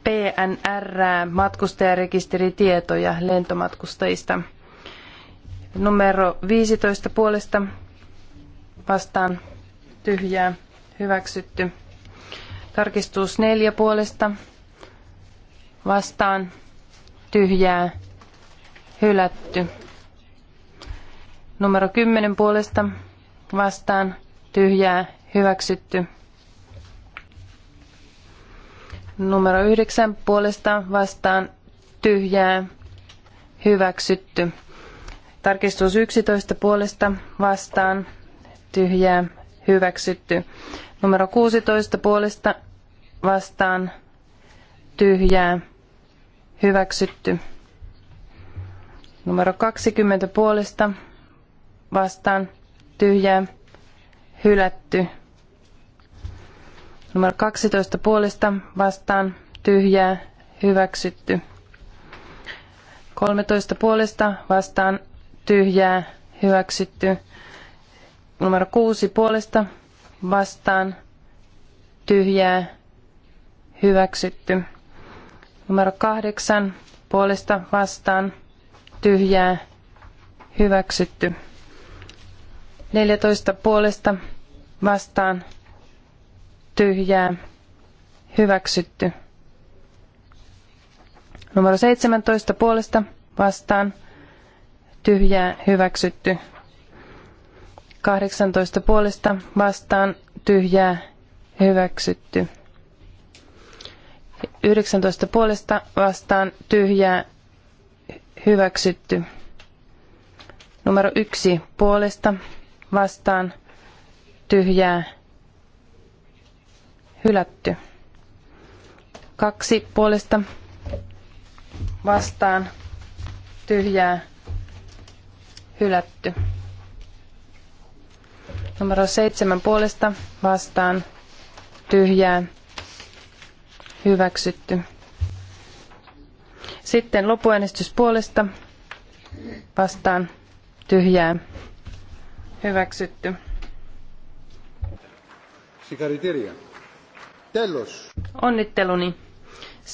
PNR, matkustajarekisteritietoja lentomatkustajista. Numero 15 puolesta vastaan tyhjää hyväksytty. Tarkistus 4 puolesta vastaan tyhjää hylätty. Numero 10 puolesta vastaan tyhjää hyväksytty. Numero yhdeksän puolesta vastaan tyhjää hyväksytty. Tarkistus 11 puolesta vastaan tyhjää hyväksytty. Numero 16 puolesta vastaan tyhjää hyväksytty. Numero 20 puolesta vastaan tyhjää hylätty. Numero 12 puolesta vastaan tyhjää hyväksytty. 13 puolesta vastaan tyhjää hyväksytty. Numero 6 puolesta vastaan tyhjää hyväksytty. Numero 8 puolesta vastaan tyhjää hyväksytty. 14 puolesta vastaan tyhjää, hyväksytty. Numero 17 puolesta vastaan, tyhjää, hyväksytty. 18 puolesta vastaan, tyhjää, hyväksytty. 19 puolesta vastaan, tyhjää, hyväksytty. Numero 1 puolesta vastaan, tyhjää, hylätty. Kaksi puolesta vastaan tyhjää hylätty. Numero seitsemän puolesta vastaan tyhjää hyväksytty. Sitten lopuäänestys puolesta vastaan tyhjää hyväksytty. Sikariteria. Τέλος. Onnitteluni.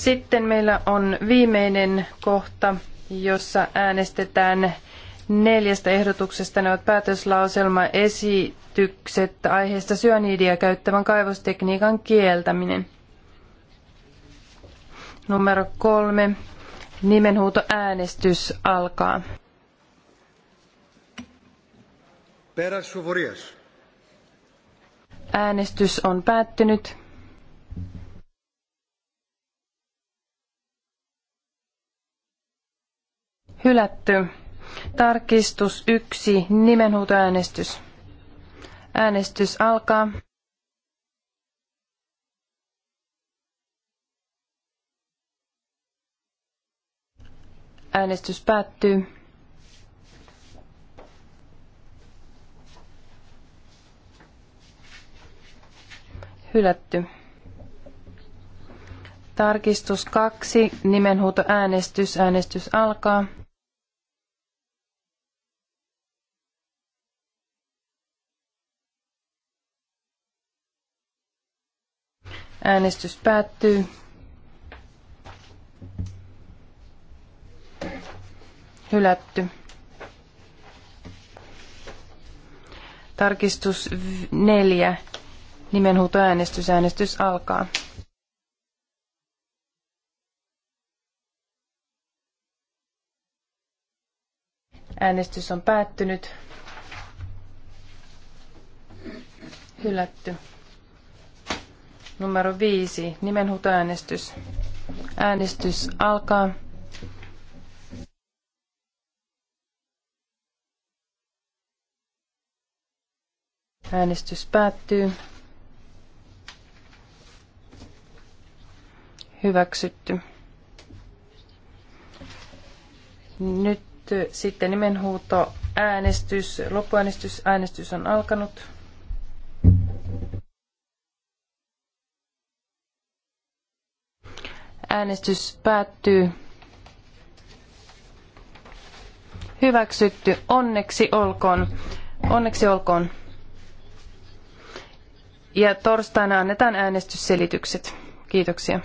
Sitten meillä on viimeinen kohta, jossa äänestetään neljästä ehdotuksesta. Ne ovat päätöslauselma esitykset aiheesta syöniidiä käyttävän kaivostekniikan kieltäminen. Numero kolme. Nimenhuuto äänestys alkaa. Äänestys on päättynyt. Hylätty. Tarkistus yksi. Nimenhuutoäänestys. Äänestys alkaa. Äänestys päättyy. Hylätty. Tarkistus kaksi Nimenhuutoäänestys. Äänestys alkaa. Äänestys päättyy. Hylätty. Tarkistus neljä. Nimenhuutoäänestys. Äänestys alkaa. Äänestys on päättynyt. Hylätty numero viisi, nimenhuutoäänestys. Äänestys alkaa. Äänestys päättyy. Hyväksytty. Nyt sitten nimenhuuto äänestys. Loppuäänestys. Äänestys on alkanut. Äänestys päättyy. Hyväksytty. Onneksi olkoon. Onneksi olkoon. Ja torstaina annetaan äänestysselitykset. Kiitoksia.